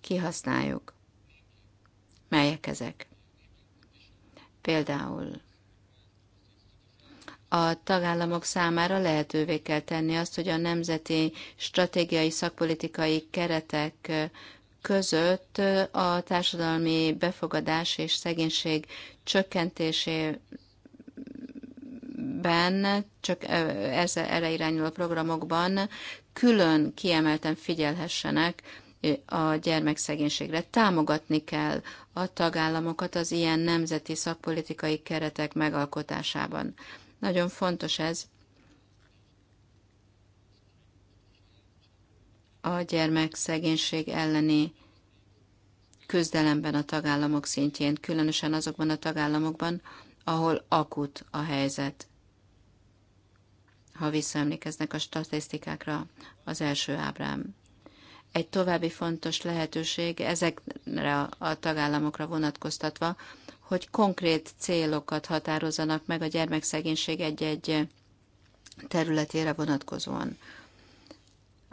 kihasználjuk. Melyek ezek? Például a tagállamok számára lehetővé kell tenni azt, hogy a nemzeti stratégiai szakpolitikai keretek között a társadalmi befogadás és szegénység csökkentésében, csak erre irányuló programokban külön kiemelten figyelhessenek a gyermekszegénységre. Támogatni kell a tagállamokat az ilyen nemzeti szakpolitikai keretek megalkotásában. Nagyon fontos ez a gyermekszegénység elleni küzdelemben a tagállamok szintjén, különösen azokban a tagállamokban, ahol akut a helyzet. Ha visszaemlékeznek a statisztikákra, az első ábrám. Egy további fontos lehetőség ezekre a tagállamokra vonatkoztatva, hogy konkrét célokat határozzanak meg a gyermekszegénység egy-egy területére vonatkozóan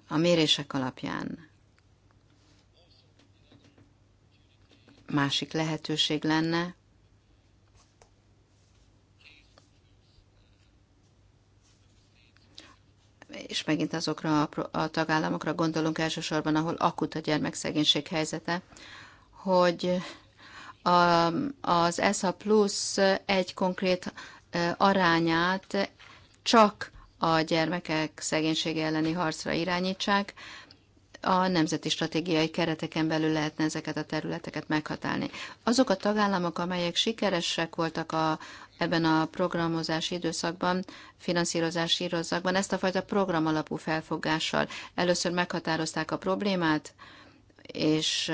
a mérések alapján. Másik lehetőség lenne, és megint azokra a tagállamokra gondolunk elsősorban, ahol akut a gyermekszegénység helyzete, hogy a, az ESA plusz egy konkrét arányát csak a gyermekek szegénysége elleni harcra irányítsák, a nemzeti stratégiai kereteken belül lehetne ezeket a területeket meghatálni. Azok a tagállamok, amelyek sikeresek voltak a, ebben a programozási időszakban, finanszírozási időszakban ezt a fajta program alapú felfogással. Először meghatározták a problémát, és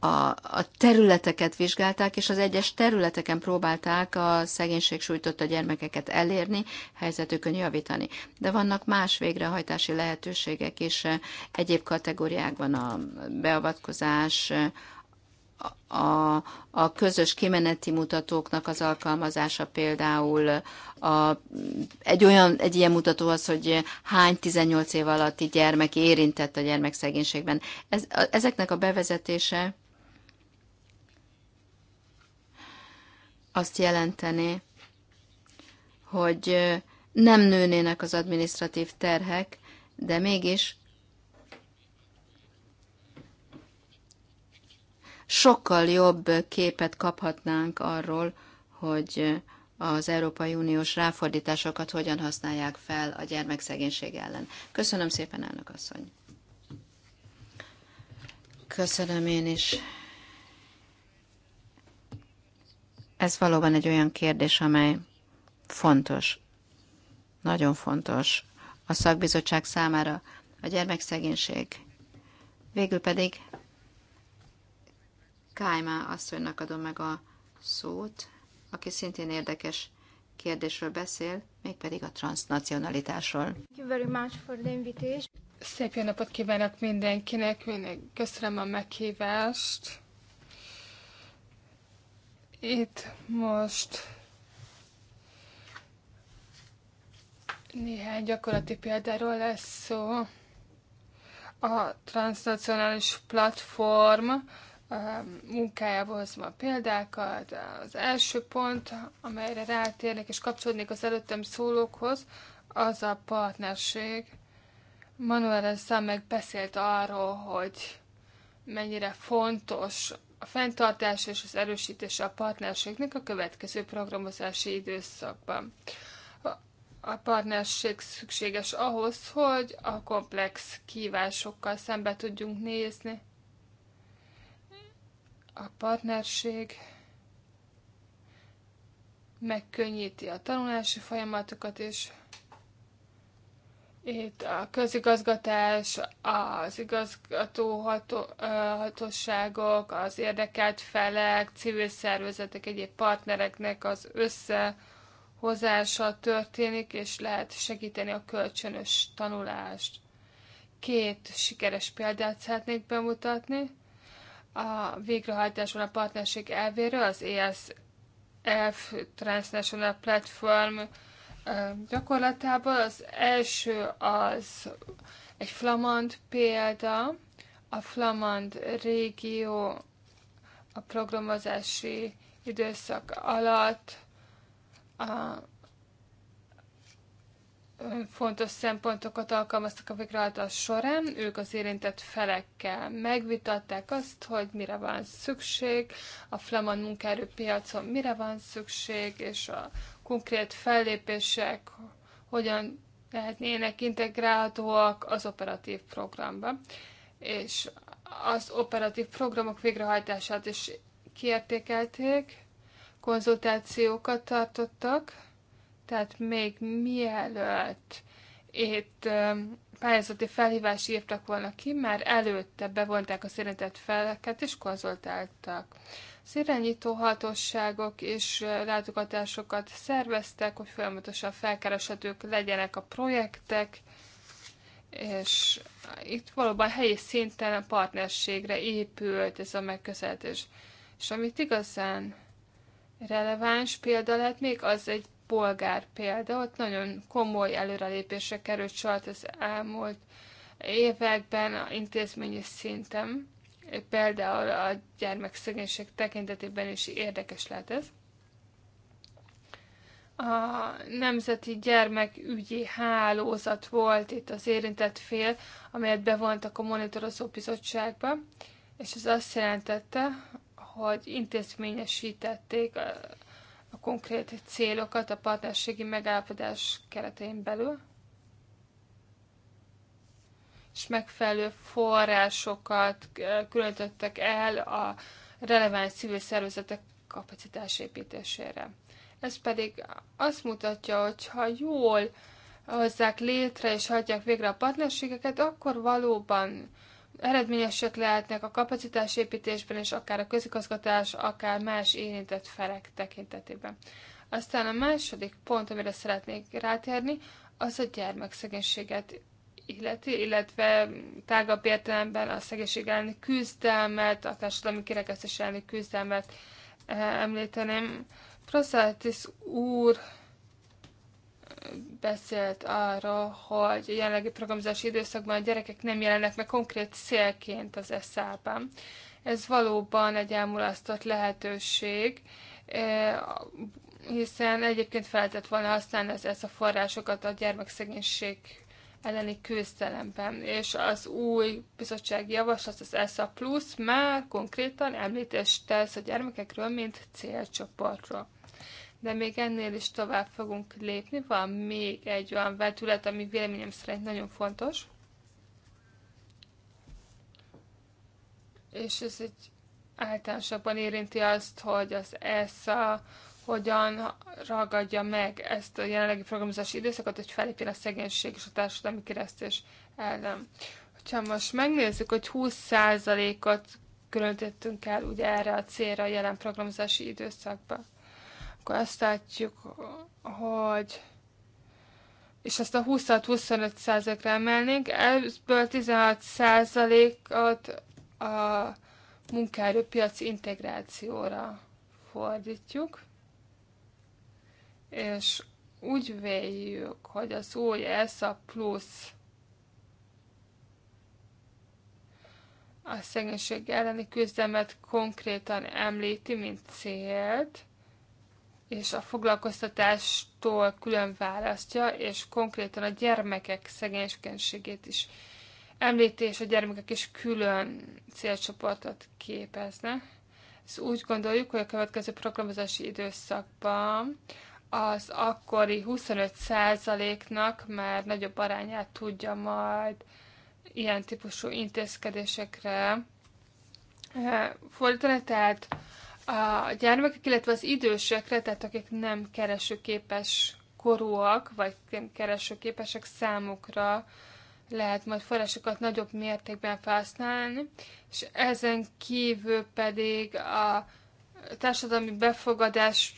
a, a területeket vizsgálták, és az egyes területeken próbálták a szegénység sújtotta gyermekeket elérni, helyzetükön javítani. De vannak más végrehajtási lehetőségek is egyéb kategóriákban a beavatkozás, a, a közös kimeneti mutatóknak az alkalmazása például a, egy, olyan, egy ilyen mutató az, hogy hány 18 év alatti gyermek érintett a gyermekszegénységben. Ez, a, ezeknek a bevezetése azt jelenteni, hogy nem nőnének az administratív terhek, de mégis sokkal jobb képet kaphatnánk arról, hogy az Európai Uniós ráfordításokat hogyan használják fel a gyermekszegénység ellen. Köszönöm szépen, elnök asszony! Köszönöm én is. Ez valóban egy olyan kérdés, amely fontos, nagyon fontos a szakbizottság számára a gyermekszegénység. Végül pedig Kájmá asszonynak adom meg a szót, aki szintén érdekes kérdésről beszél, mégpedig a transnacionalitásról. Thank you very much for the invitation. Szép jó napot kívánok mindenkinek, mindenki. köszönöm a meghívást. Itt most néhány gyakorlati példáról lesz szó. A transnacionális platform, munkájából hozom példákat. Az első pont, amelyre rátérnék és kapcsolódnék az előttem szólókhoz, az a partnerség. Manuel meg beszélt arról, hogy mennyire fontos a fenntartás és az erősítése a partnerségnek a következő programozási időszakban. A partnerség szükséges ahhoz, hogy a komplex kívásokkal szembe tudjunk nézni, a partnerség megkönnyíti a tanulási folyamatokat, és itt a közigazgatás, az igazgatóhatóságok, az érdekelt felek, civil szervezetek, egyéb partnereknek az összehozása történik, és lehet segíteni a kölcsönös tanulást. Két sikeres példát szeretnék bemutatni a végrehajtáson a partnerség elvéről, az ESF Transnational Platform gyakorlatából. Az első az egy flamand példa, a flamand régió a programozási időszak alatt a fontos szempontokat alkalmaztak a végrehajtás során. Ők az érintett felekkel megvitatták azt, hogy mire van szükség, a flamand munkaerőpiacon mire van szükség, és a konkrét fellépések hogyan lehetnének integrálhatóak az operatív programba. És az operatív programok végrehajtását is kiértékelték, konzultációkat tartottak, tehát még mielőtt itt pályázati felhívás írtak volna ki, már előtte bevonták a szeretett feleket és konzultáltak. Az irányító hatóságok és látogatásokat szerveztek, hogy folyamatosan felkereshetők legyenek a projektek, és itt valóban helyi szinten a partnerségre épült ez a megközelítés. És amit igazán releváns példa lehet még, az egy polgár példa, ott nagyon komoly előrelépésre került sajt az elmúlt években a intézményi szinten, például a gyermekszegénység tekintetében is érdekes lehet ez. A Nemzeti Gyermekügyi Hálózat volt itt az érintett fél, amelyet bevontak a Monitorozó Bizottságba, és ez azt jelentette, hogy intézményesítették a konkrét célokat a partnerségi megállapodás keretein belül, és megfelelő forrásokat különítettek el a releváns civil szervezetek építésére. Ez pedig azt mutatja, hogy ha jól hozzák létre és hagyják végre a partnerségeket, akkor valóban eredményesek lehetnek a kapacitásépítésben, és akár a közigazgatás, akár más érintett felek tekintetében. Aztán a második pont, amire szeretnék rátérni, az a gyermekszegénységet illeti, illetve tágabb értelemben a szegénység elleni küzdelmet, a társadalmi kirekesztés elleni küzdelmet eh, említeném. Proszátis úr beszélt arról, hogy a jelenlegi programozási időszakban a gyerekek nem jelennek meg konkrét célként az eszában. Ez valóban egy elmulasztott lehetőség, eh, hiszen egyébként feltett volna használni az ESZA forrásokat a gyermekszegénység elleni küzdelemben, és az új bizottsági javaslat, az ESA Plus már konkrétan említést tesz a gyermekekről, mint célcsoportról de még ennél is tovább fogunk lépni. Van még egy olyan vetület, ami véleményem szerint nagyon fontos. És ez egy általánosabban érinti azt, hogy az ESA hogyan ragadja meg ezt a jelenlegi programozási időszakot, hogy felépjen a szegénység és a társadalmi keresztés ellen. Ha most megnézzük, hogy 20%-ot különítettünk el ugye erre a célra a jelen programozási időszakban akkor azt látjuk, hogy és ezt a 20-25%-ra emelnénk, ebből 16%-ot a munkaerőpiac integrációra fordítjuk, és úgy véljük, hogy az új ESA plusz a szegénység elleni küzdelmet konkrétan említi, mint célt, és a foglalkoztatástól külön választja, és konkrétan a gyermekek szegénységét is említi, és a gyermekek is külön célcsoportot képezne. Ezt úgy gondoljuk, hogy a következő programozási időszakban az akkori 25%-nak már nagyobb arányát tudja majd ilyen típusú intézkedésekre eh, fordítani, tehát a gyermekek, illetve az idősekre, tehát akik nem keresőképes korúak, vagy keresőképesek számukra lehet majd forrásokat nagyobb mértékben felhasználni, és ezen kívül pedig a társadalmi befogadás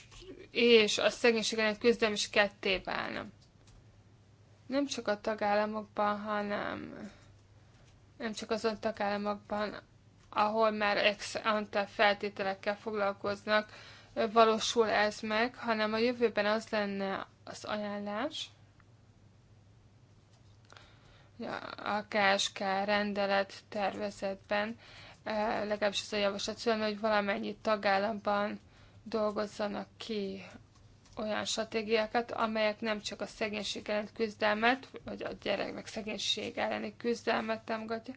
és a szegénység ellen küzdelem is ketté válna. Nem csak a tagállamokban, hanem nem csak azon tagállamokban, ahol már ex ante feltételekkel foglalkoznak, valósul ez meg, hanem a jövőben az lenne az ajánlás, a KSK rendelet tervezetben, legalábbis az a javaslat szülne, hogy valamennyi tagállamban dolgozzanak ki olyan stratégiákat, amelyek nem csak a szegénység ellen küzdelmet, vagy a gyerek meg szegénység elleni küzdelmet támogatja,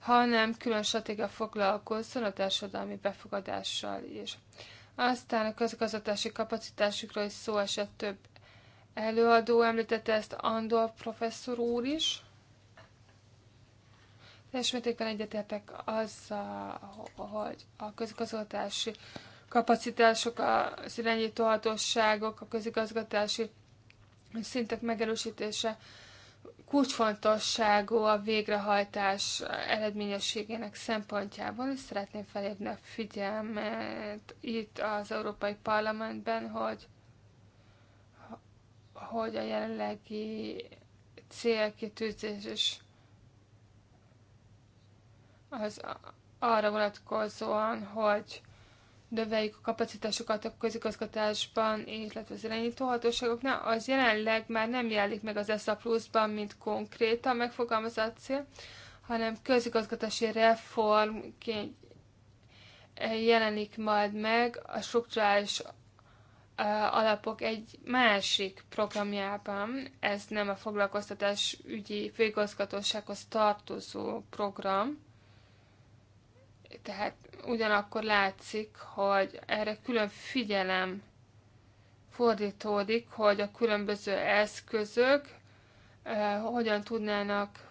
hanem külön stratégia foglalkozzon a társadalmi befogadással is. Aztán a közgazdatási kapacitásukról is szó esett több előadó, említette ezt Andor professzor úr is. Teljes mértékben egyetértek azzal, hogy a közigazgatási kapacitások, az irányító hatóságok, a közigazgatási szintek megerősítése kulcsfontosságú a végrehajtás eredményességének szempontjából, és szeretném felhívni a figyelmet itt az Európai Parlamentben, hogy, hogy a jelenlegi célkitűzés is az arra vonatkozóan, hogy növeljük a kapacitásokat a közigazgatásban, illetve az hatóságoknál, az jelenleg már nem jelenik meg az ESZA pluszban, mint konkrétan megfogalmazott cél, hanem közigazgatási reformként jelenik majd meg a struktúrális alapok egy másik programjában, ez nem a foglalkoztatás ügyi főigazgatósághoz tartozó program, tehát ugyanakkor látszik, hogy erre külön figyelem fordítódik, hogy a különböző eszközök eh, hogyan tudnának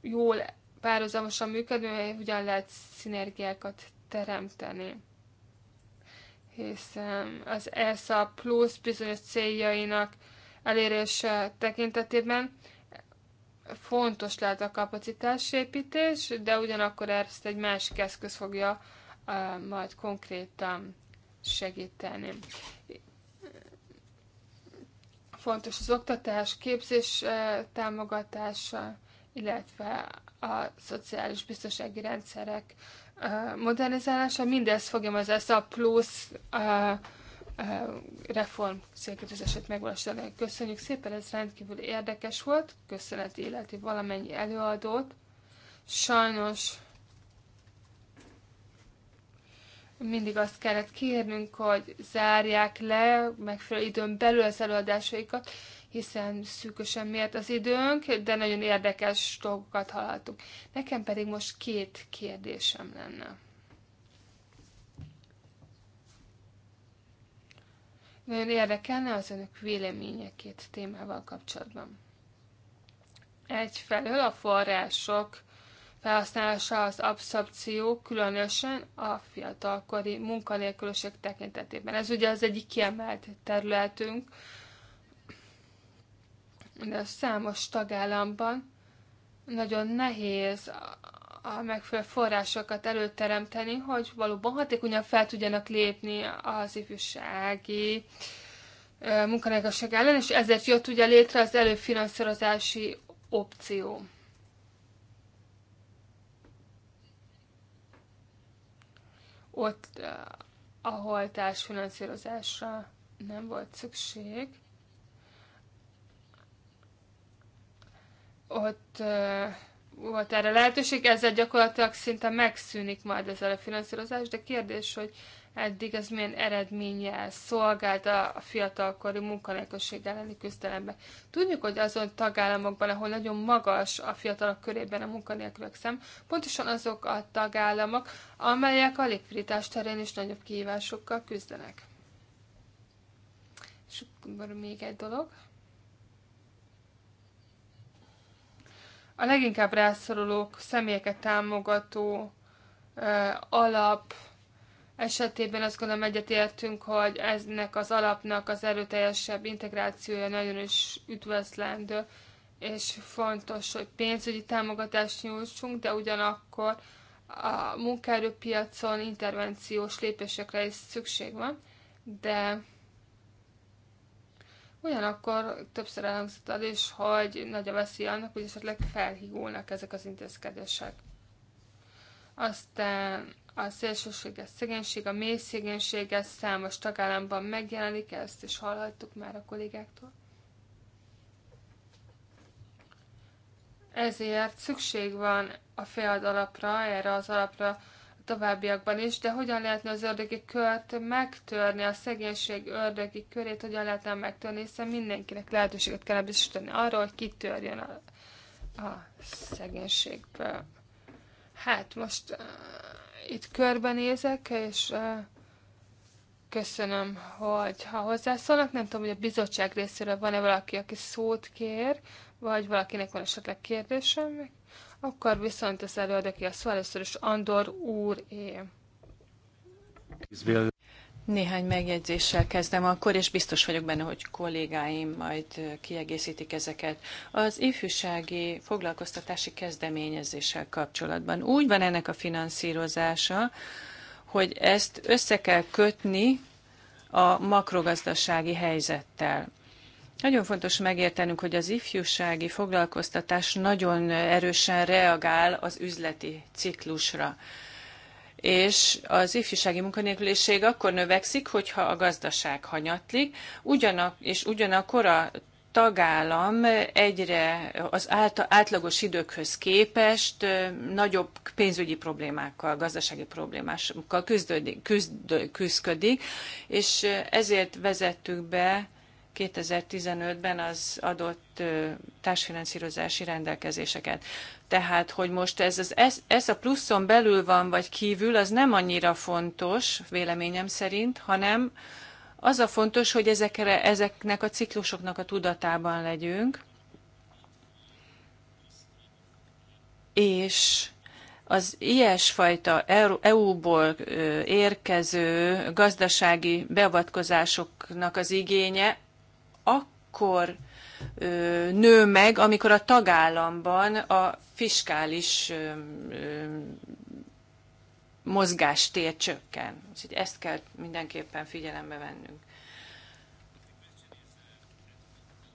jól párhuzamosan működni, hogyan lehet szinergiákat teremteni hiszen az ESA plusz bizonyos céljainak elérése tekintetében fontos lehet a kapacitásépítés, de ugyanakkor ezt egy másik eszköz fogja uh, majd konkrétan segíteni. Fontos az oktatás, képzés uh, támogatása, illetve a szociális biztonsági rendszerek uh, modernizálása. Mindez fogja az ezt a plusz uh, reform szélkötözését megvalósítani. Köszönjük szépen, ez rendkívül érdekes volt. Köszönet életi valamennyi előadót. Sajnos mindig azt kellett kérnünk, hogy zárják le megfelelő időn belül az előadásaikat, hiszen szűkösen miért az időnk, de nagyon érdekes dolgokat hallhatunk. Nekem pedig most két kérdésem lenne. Nagyon érdekelne az önök véleménye két témával kapcsolatban. Egyfelől a források felhasználása az abszorpció, különösen a fiatalkori munkanélkülösök tekintetében. Ez ugye az egyik kiemelt területünk, de a számos tagállamban nagyon nehéz a megfelelő forrásokat előteremteni, hogy valóban hatékonyan fel tudjanak lépni az ifjúsági munkanegasság ellen, és ezért jött ugye létre az előfinanszírozási opció. Ott, ahol társfinanszírozásra nem volt szükség, ott volt erre lehetőség, ezzel gyakorlatilag szinte megszűnik majd ezzel a finanszírozás, de kérdés, hogy eddig ez milyen eredménnyel szolgált a fiatalkori munkanélküliség elleni küzdelemben. Tudjuk, hogy azon tagállamokban, ahol nagyon magas a fiatalok körében a munkanélkülök szem, pontosan azok a tagállamok, amelyek a likviditás terén is nagyobb kihívásokkal küzdenek. És akkor még egy dolog. a leginkább rászorulók, személyeket támogató alap esetében azt gondolom egyetértünk, hogy eznek az alapnak az erőteljesebb integrációja nagyon is üdvözlendő, és fontos, hogy pénzügyi támogatást nyújtsunk, de ugyanakkor a munkaerőpiacon intervenciós lépésekre is szükség van, de Ugyanakkor többször elhangzott az is, hogy nagy a veszély annak, hogy esetleg felhigulnak ezek az intézkedések. Aztán a szélsőséges szegénység, a mély szegénység, ez számos tagállamban megjelenik, ezt is hallhattuk már a kollégáktól. Ezért szükség van a féld alapra, erre az alapra, továbbiakban is, de hogyan lehetne az ördögi kört megtörni, a szegénység ördögi körét hogyan lehetne megtörni, hiszen mindenkinek lehetőséget kell biztosítani arra, hogy kitörjön a, a szegénységből. Hát most uh, itt körbenézek, és uh, köszönöm, hogy ha hozzászólnak. Nem tudom, hogy a bizottság részéről van-e valaki, aki szót kér, vagy valakinek van esetleg kérdése, meg akkor viszont az előadóki a szó először is Andor úr é. Néhány megjegyzéssel kezdem akkor, és biztos vagyok benne, hogy kollégáim majd kiegészítik ezeket. Az ifjúsági foglalkoztatási kezdeményezéssel kapcsolatban úgy van ennek a finanszírozása, hogy ezt össze kell kötni a makrogazdasági helyzettel. Nagyon fontos megértenünk, hogy az ifjúsági foglalkoztatás nagyon erősen reagál az üzleti ciklusra. És az ifjúsági munkanélküliség akkor növekszik, hogyha a gazdaság hanyatlik, ugyanak, és ugyanakkor a tagállam egyre az átlagos időkhöz képest nagyobb pénzügyi problémákkal, gazdasági problémákkal küzdődik, küzd, küzdködik, és ezért vezettük be 2015-ben az adott társfinanszírozási rendelkezéseket. Tehát, hogy most ez, az, ez, ez a pluszon belül van vagy kívül, az nem annyira fontos, véleményem szerint, hanem az a fontos, hogy ezekre, ezeknek a ciklusoknak a tudatában legyünk, és az ilyesfajta EU-ból érkező gazdasági beavatkozásoknak az igénye akkor nő meg, amikor a tagállamban a fiskális mozgástér csökken. Úgyhogy ezt kell mindenképpen figyelembe vennünk.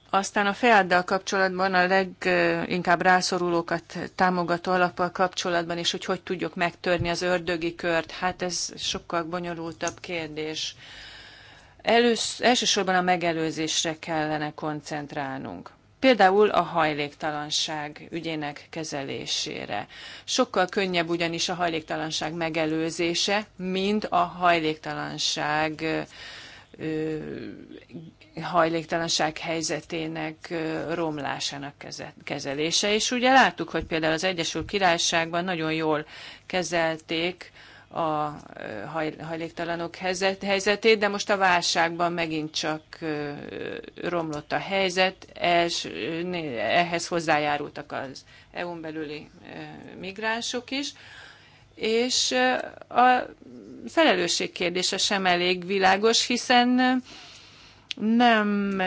Aztán a feáddal kapcsolatban a leginkább rászorulókat támogató alappal kapcsolatban, és hogy hogy tudjuk megtörni az ördögi kört, hát ez sokkal bonyolultabb kérdés. Elősz, elsősorban a megelőzésre kellene koncentrálnunk. Például a hajléktalanság ügyének kezelésére. Sokkal könnyebb ugyanis a hajléktalanság megelőzése, mint a hajléktalanság hajléktalanság helyzetének romlásának kezelése. És ugye láttuk, hogy például az Egyesült Királyságban nagyon jól kezelték a hajléktalanok helyzetét, de most a válságban megint csak romlott a helyzet, és ehhez hozzájárultak az EU-n belüli migránsok is, és a felelősség kérdése sem elég világos, hiszen nem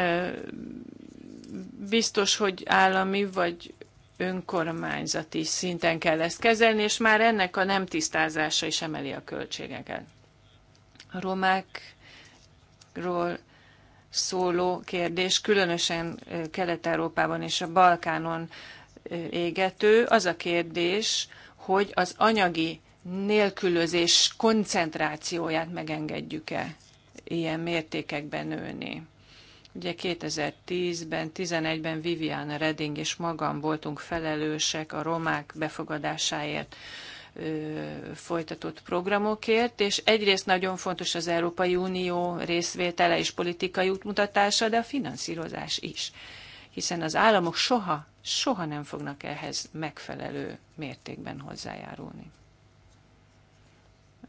biztos, hogy állami vagy önkormányzati szinten kell ezt kezelni, és már ennek a nem tisztázása is emeli a költségeket. A romákról szóló kérdés, különösen Kelet-Európában és a Balkánon égető, az a kérdés, hogy az anyagi nélkülözés koncentrációját megengedjük-e ilyen mértékekben nőni. Ugye 2010-ben, 11-ben Vivian Redding és magam voltunk felelősek a romák befogadásáért folytatott programokért, és egyrészt nagyon fontos az Európai Unió részvétele és politikai útmutatása, de a finanszírozás is. Hiszen az államok soha, soha nem fognak ehhez megfelelő mértékben hozzájárulni.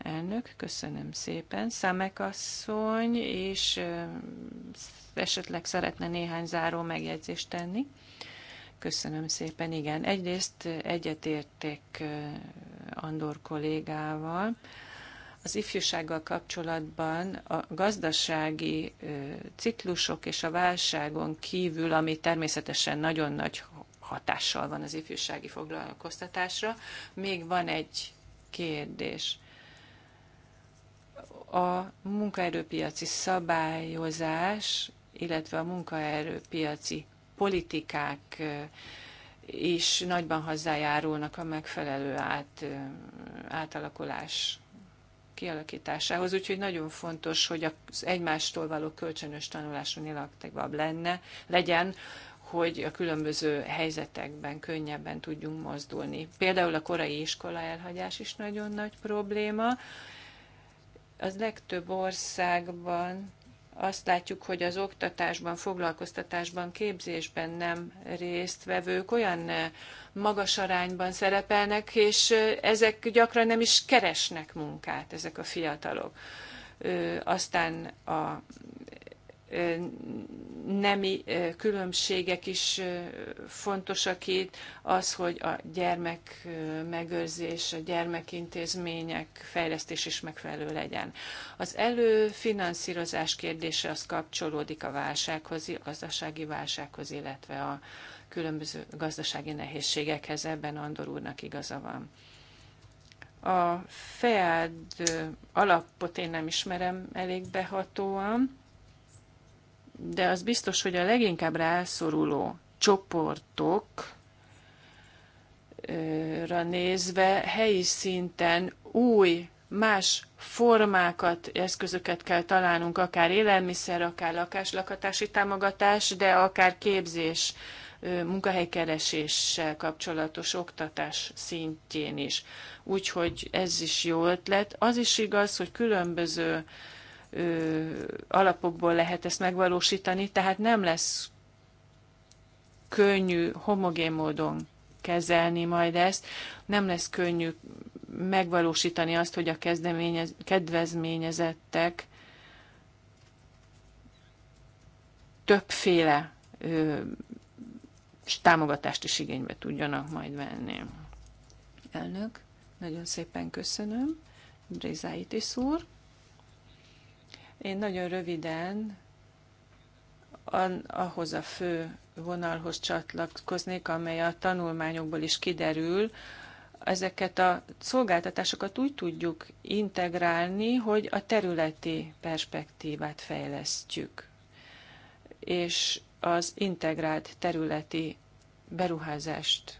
Elnök, köszönöm szépen. Számekasszony, és esetleg szeretne néhány záró megjegyzést tenni. Köszönöm szépen, igen. Egyrészt egyetértek Andor kollégával. Az ifjúsággal kapcsolatban a gazdasági ciklusok és a válságon kívül, ami természetesen nagyon nagy hatással van az ifjúsági foglalkoztatásra, még van egy kérdés a munkaerőpiaci szabályozás, illetve a munkaerőpiaci politikák is nagyban hozzájárulnak a megfelelő át, átalakulás kialakításához. Úgyhogy nagyon fontos, hogy az egymástól való kölcsönös tanuláson nyilatkozabb lenne, legyen, hogy a különböző helyzetekben könnyebben tudjunk mozdulni. Például a korai iskola elhagyás is nagyon nagy probléma, az legtöbb országban azt látjuk, hogy az oktatásban, foglalkoztatásban, képzésben nem résztvevők olyan eh, magas arányban szerepelnek, és eh, ezek gyakran nem is keresnek munkát, ezek a fiatalok. Aztán a nemi különbségek is fontosak itt, az, hogy a gyermek megőrzés, a gyermekintézmények fejlesztés is megfelelő legyen. Az előfinanszírozás kérdése az kapcsolódik a válsághoz, a gazdasági válsághoz, illetve a különböző gazdasági nehézségekhez, ebben Andor úrnak igaza van. A FEAD alapot én nem ismerem elég behatóan, de az biztos, hogy a leginkább rászoruló csoportokra nézve helyi szinten új, más formákat, eszközöket kell találnunk, akár élelmiszer, akár lakáslakatási támogatás, de akár képzés, munkahelykereséssel kapcsolatos oktatás szintjén is. Úgyhogy ez is jó ötlet. Az is igaz, hogy különböző alapokból lehet ezt megvalósítani, tehát nem lesz könnyű homogén módon kezelni majd ezt, nem lesz könnyű megvalósítani azt, hogy a kezdeményez, kedvezményezettek többféle ö, támogatást is igénybe tudjanak majd venni. Elnök, nagyon szépen köszönöm. Brézáit is úr. Én nagyon röviden ahhoz a fő vonalhoz csatlakoznék, amely a tanulmányokból is kiderül, ezeket a szolgáltatásokat úgy tudjuk integrálni, hogy a területi perspektívát fejlesztjük, és az integrált területi beruházást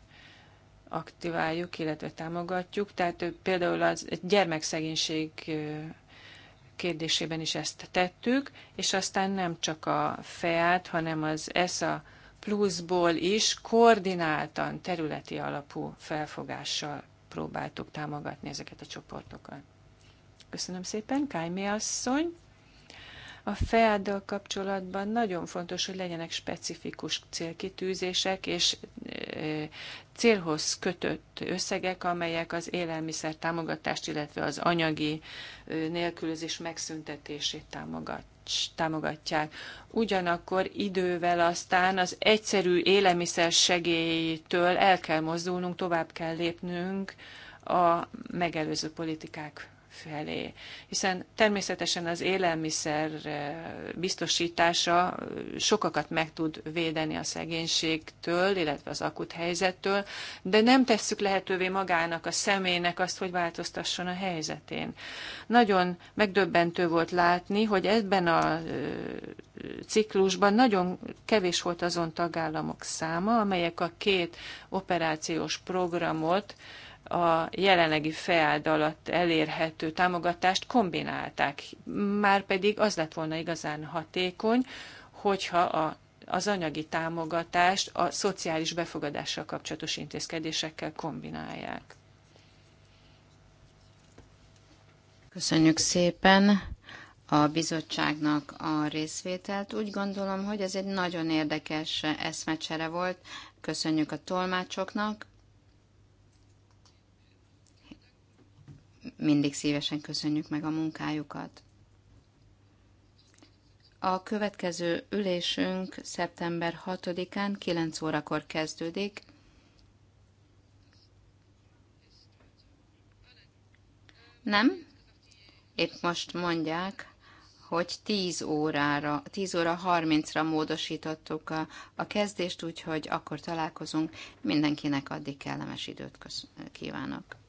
aktiváljuk, illetve támogatjuk. Tehát például az gyermekszegénység kérdésében is ezt tettük, és aztán nem csak a FEAT, hanem az ESA pluszból is koordináltan területi alapú felfogással próbáltuk támogatni ezeket a csoportokat. Köszönöm szépen, Kájmi asszony! A feáddal kapcsolatban nagyon fontos, hogy legyenek specifikus célkitűzések és célhoz kötött összegek, amelyek az élelmiszer támogatást, illetve az anyagi nélkülözés megszüntetését támogat támogatják. Ugyanakkor idővel aztán az egyszerű élelmiszer segélytől el kell mozdulnunk, tovább kell lépnünk a megelőző politikák felé. Hiszen természetesen az élelmiszer eh, biztosítása eh, sokakat meg tud védeni a szegénységtől, illetve az akut helyzettől, de nem tesszük lehetővé magának, a személynek azt, hogy változtasson a helyzetén. Nagyon megdöbbentő volt látni, hogy ebben a eh, ciklusban nagyon kevés volt azon tagállamok száma, amelyek a két operációs programot, a jelenlegi feáld alatt elérhető támogatást kombinálták. Már pedig az lett volna igazán hatékony, hogyha a, az anyagi támogatást a szociális befogadással kapcsolatos intézkedésekkel kombinálják. Köszönjük szépen a bizottságnak a részvételt. Úgy gondolom, hogy ez egy nagyon érdekes eszmecsere volt. Köszönjük a tolmácsoknak mindig szívesen köszönjük meg a munkájukat. A következő ülésünk szeptember 6-án 9 órakor kezdődik. Nem? Épp most mondják, hogy 10 órára, 10 óra 30-ra módosítottuk a, a kezdést, úgyhogy akkor találkozunk. Mindenkinek addig kellemes időt kívánok.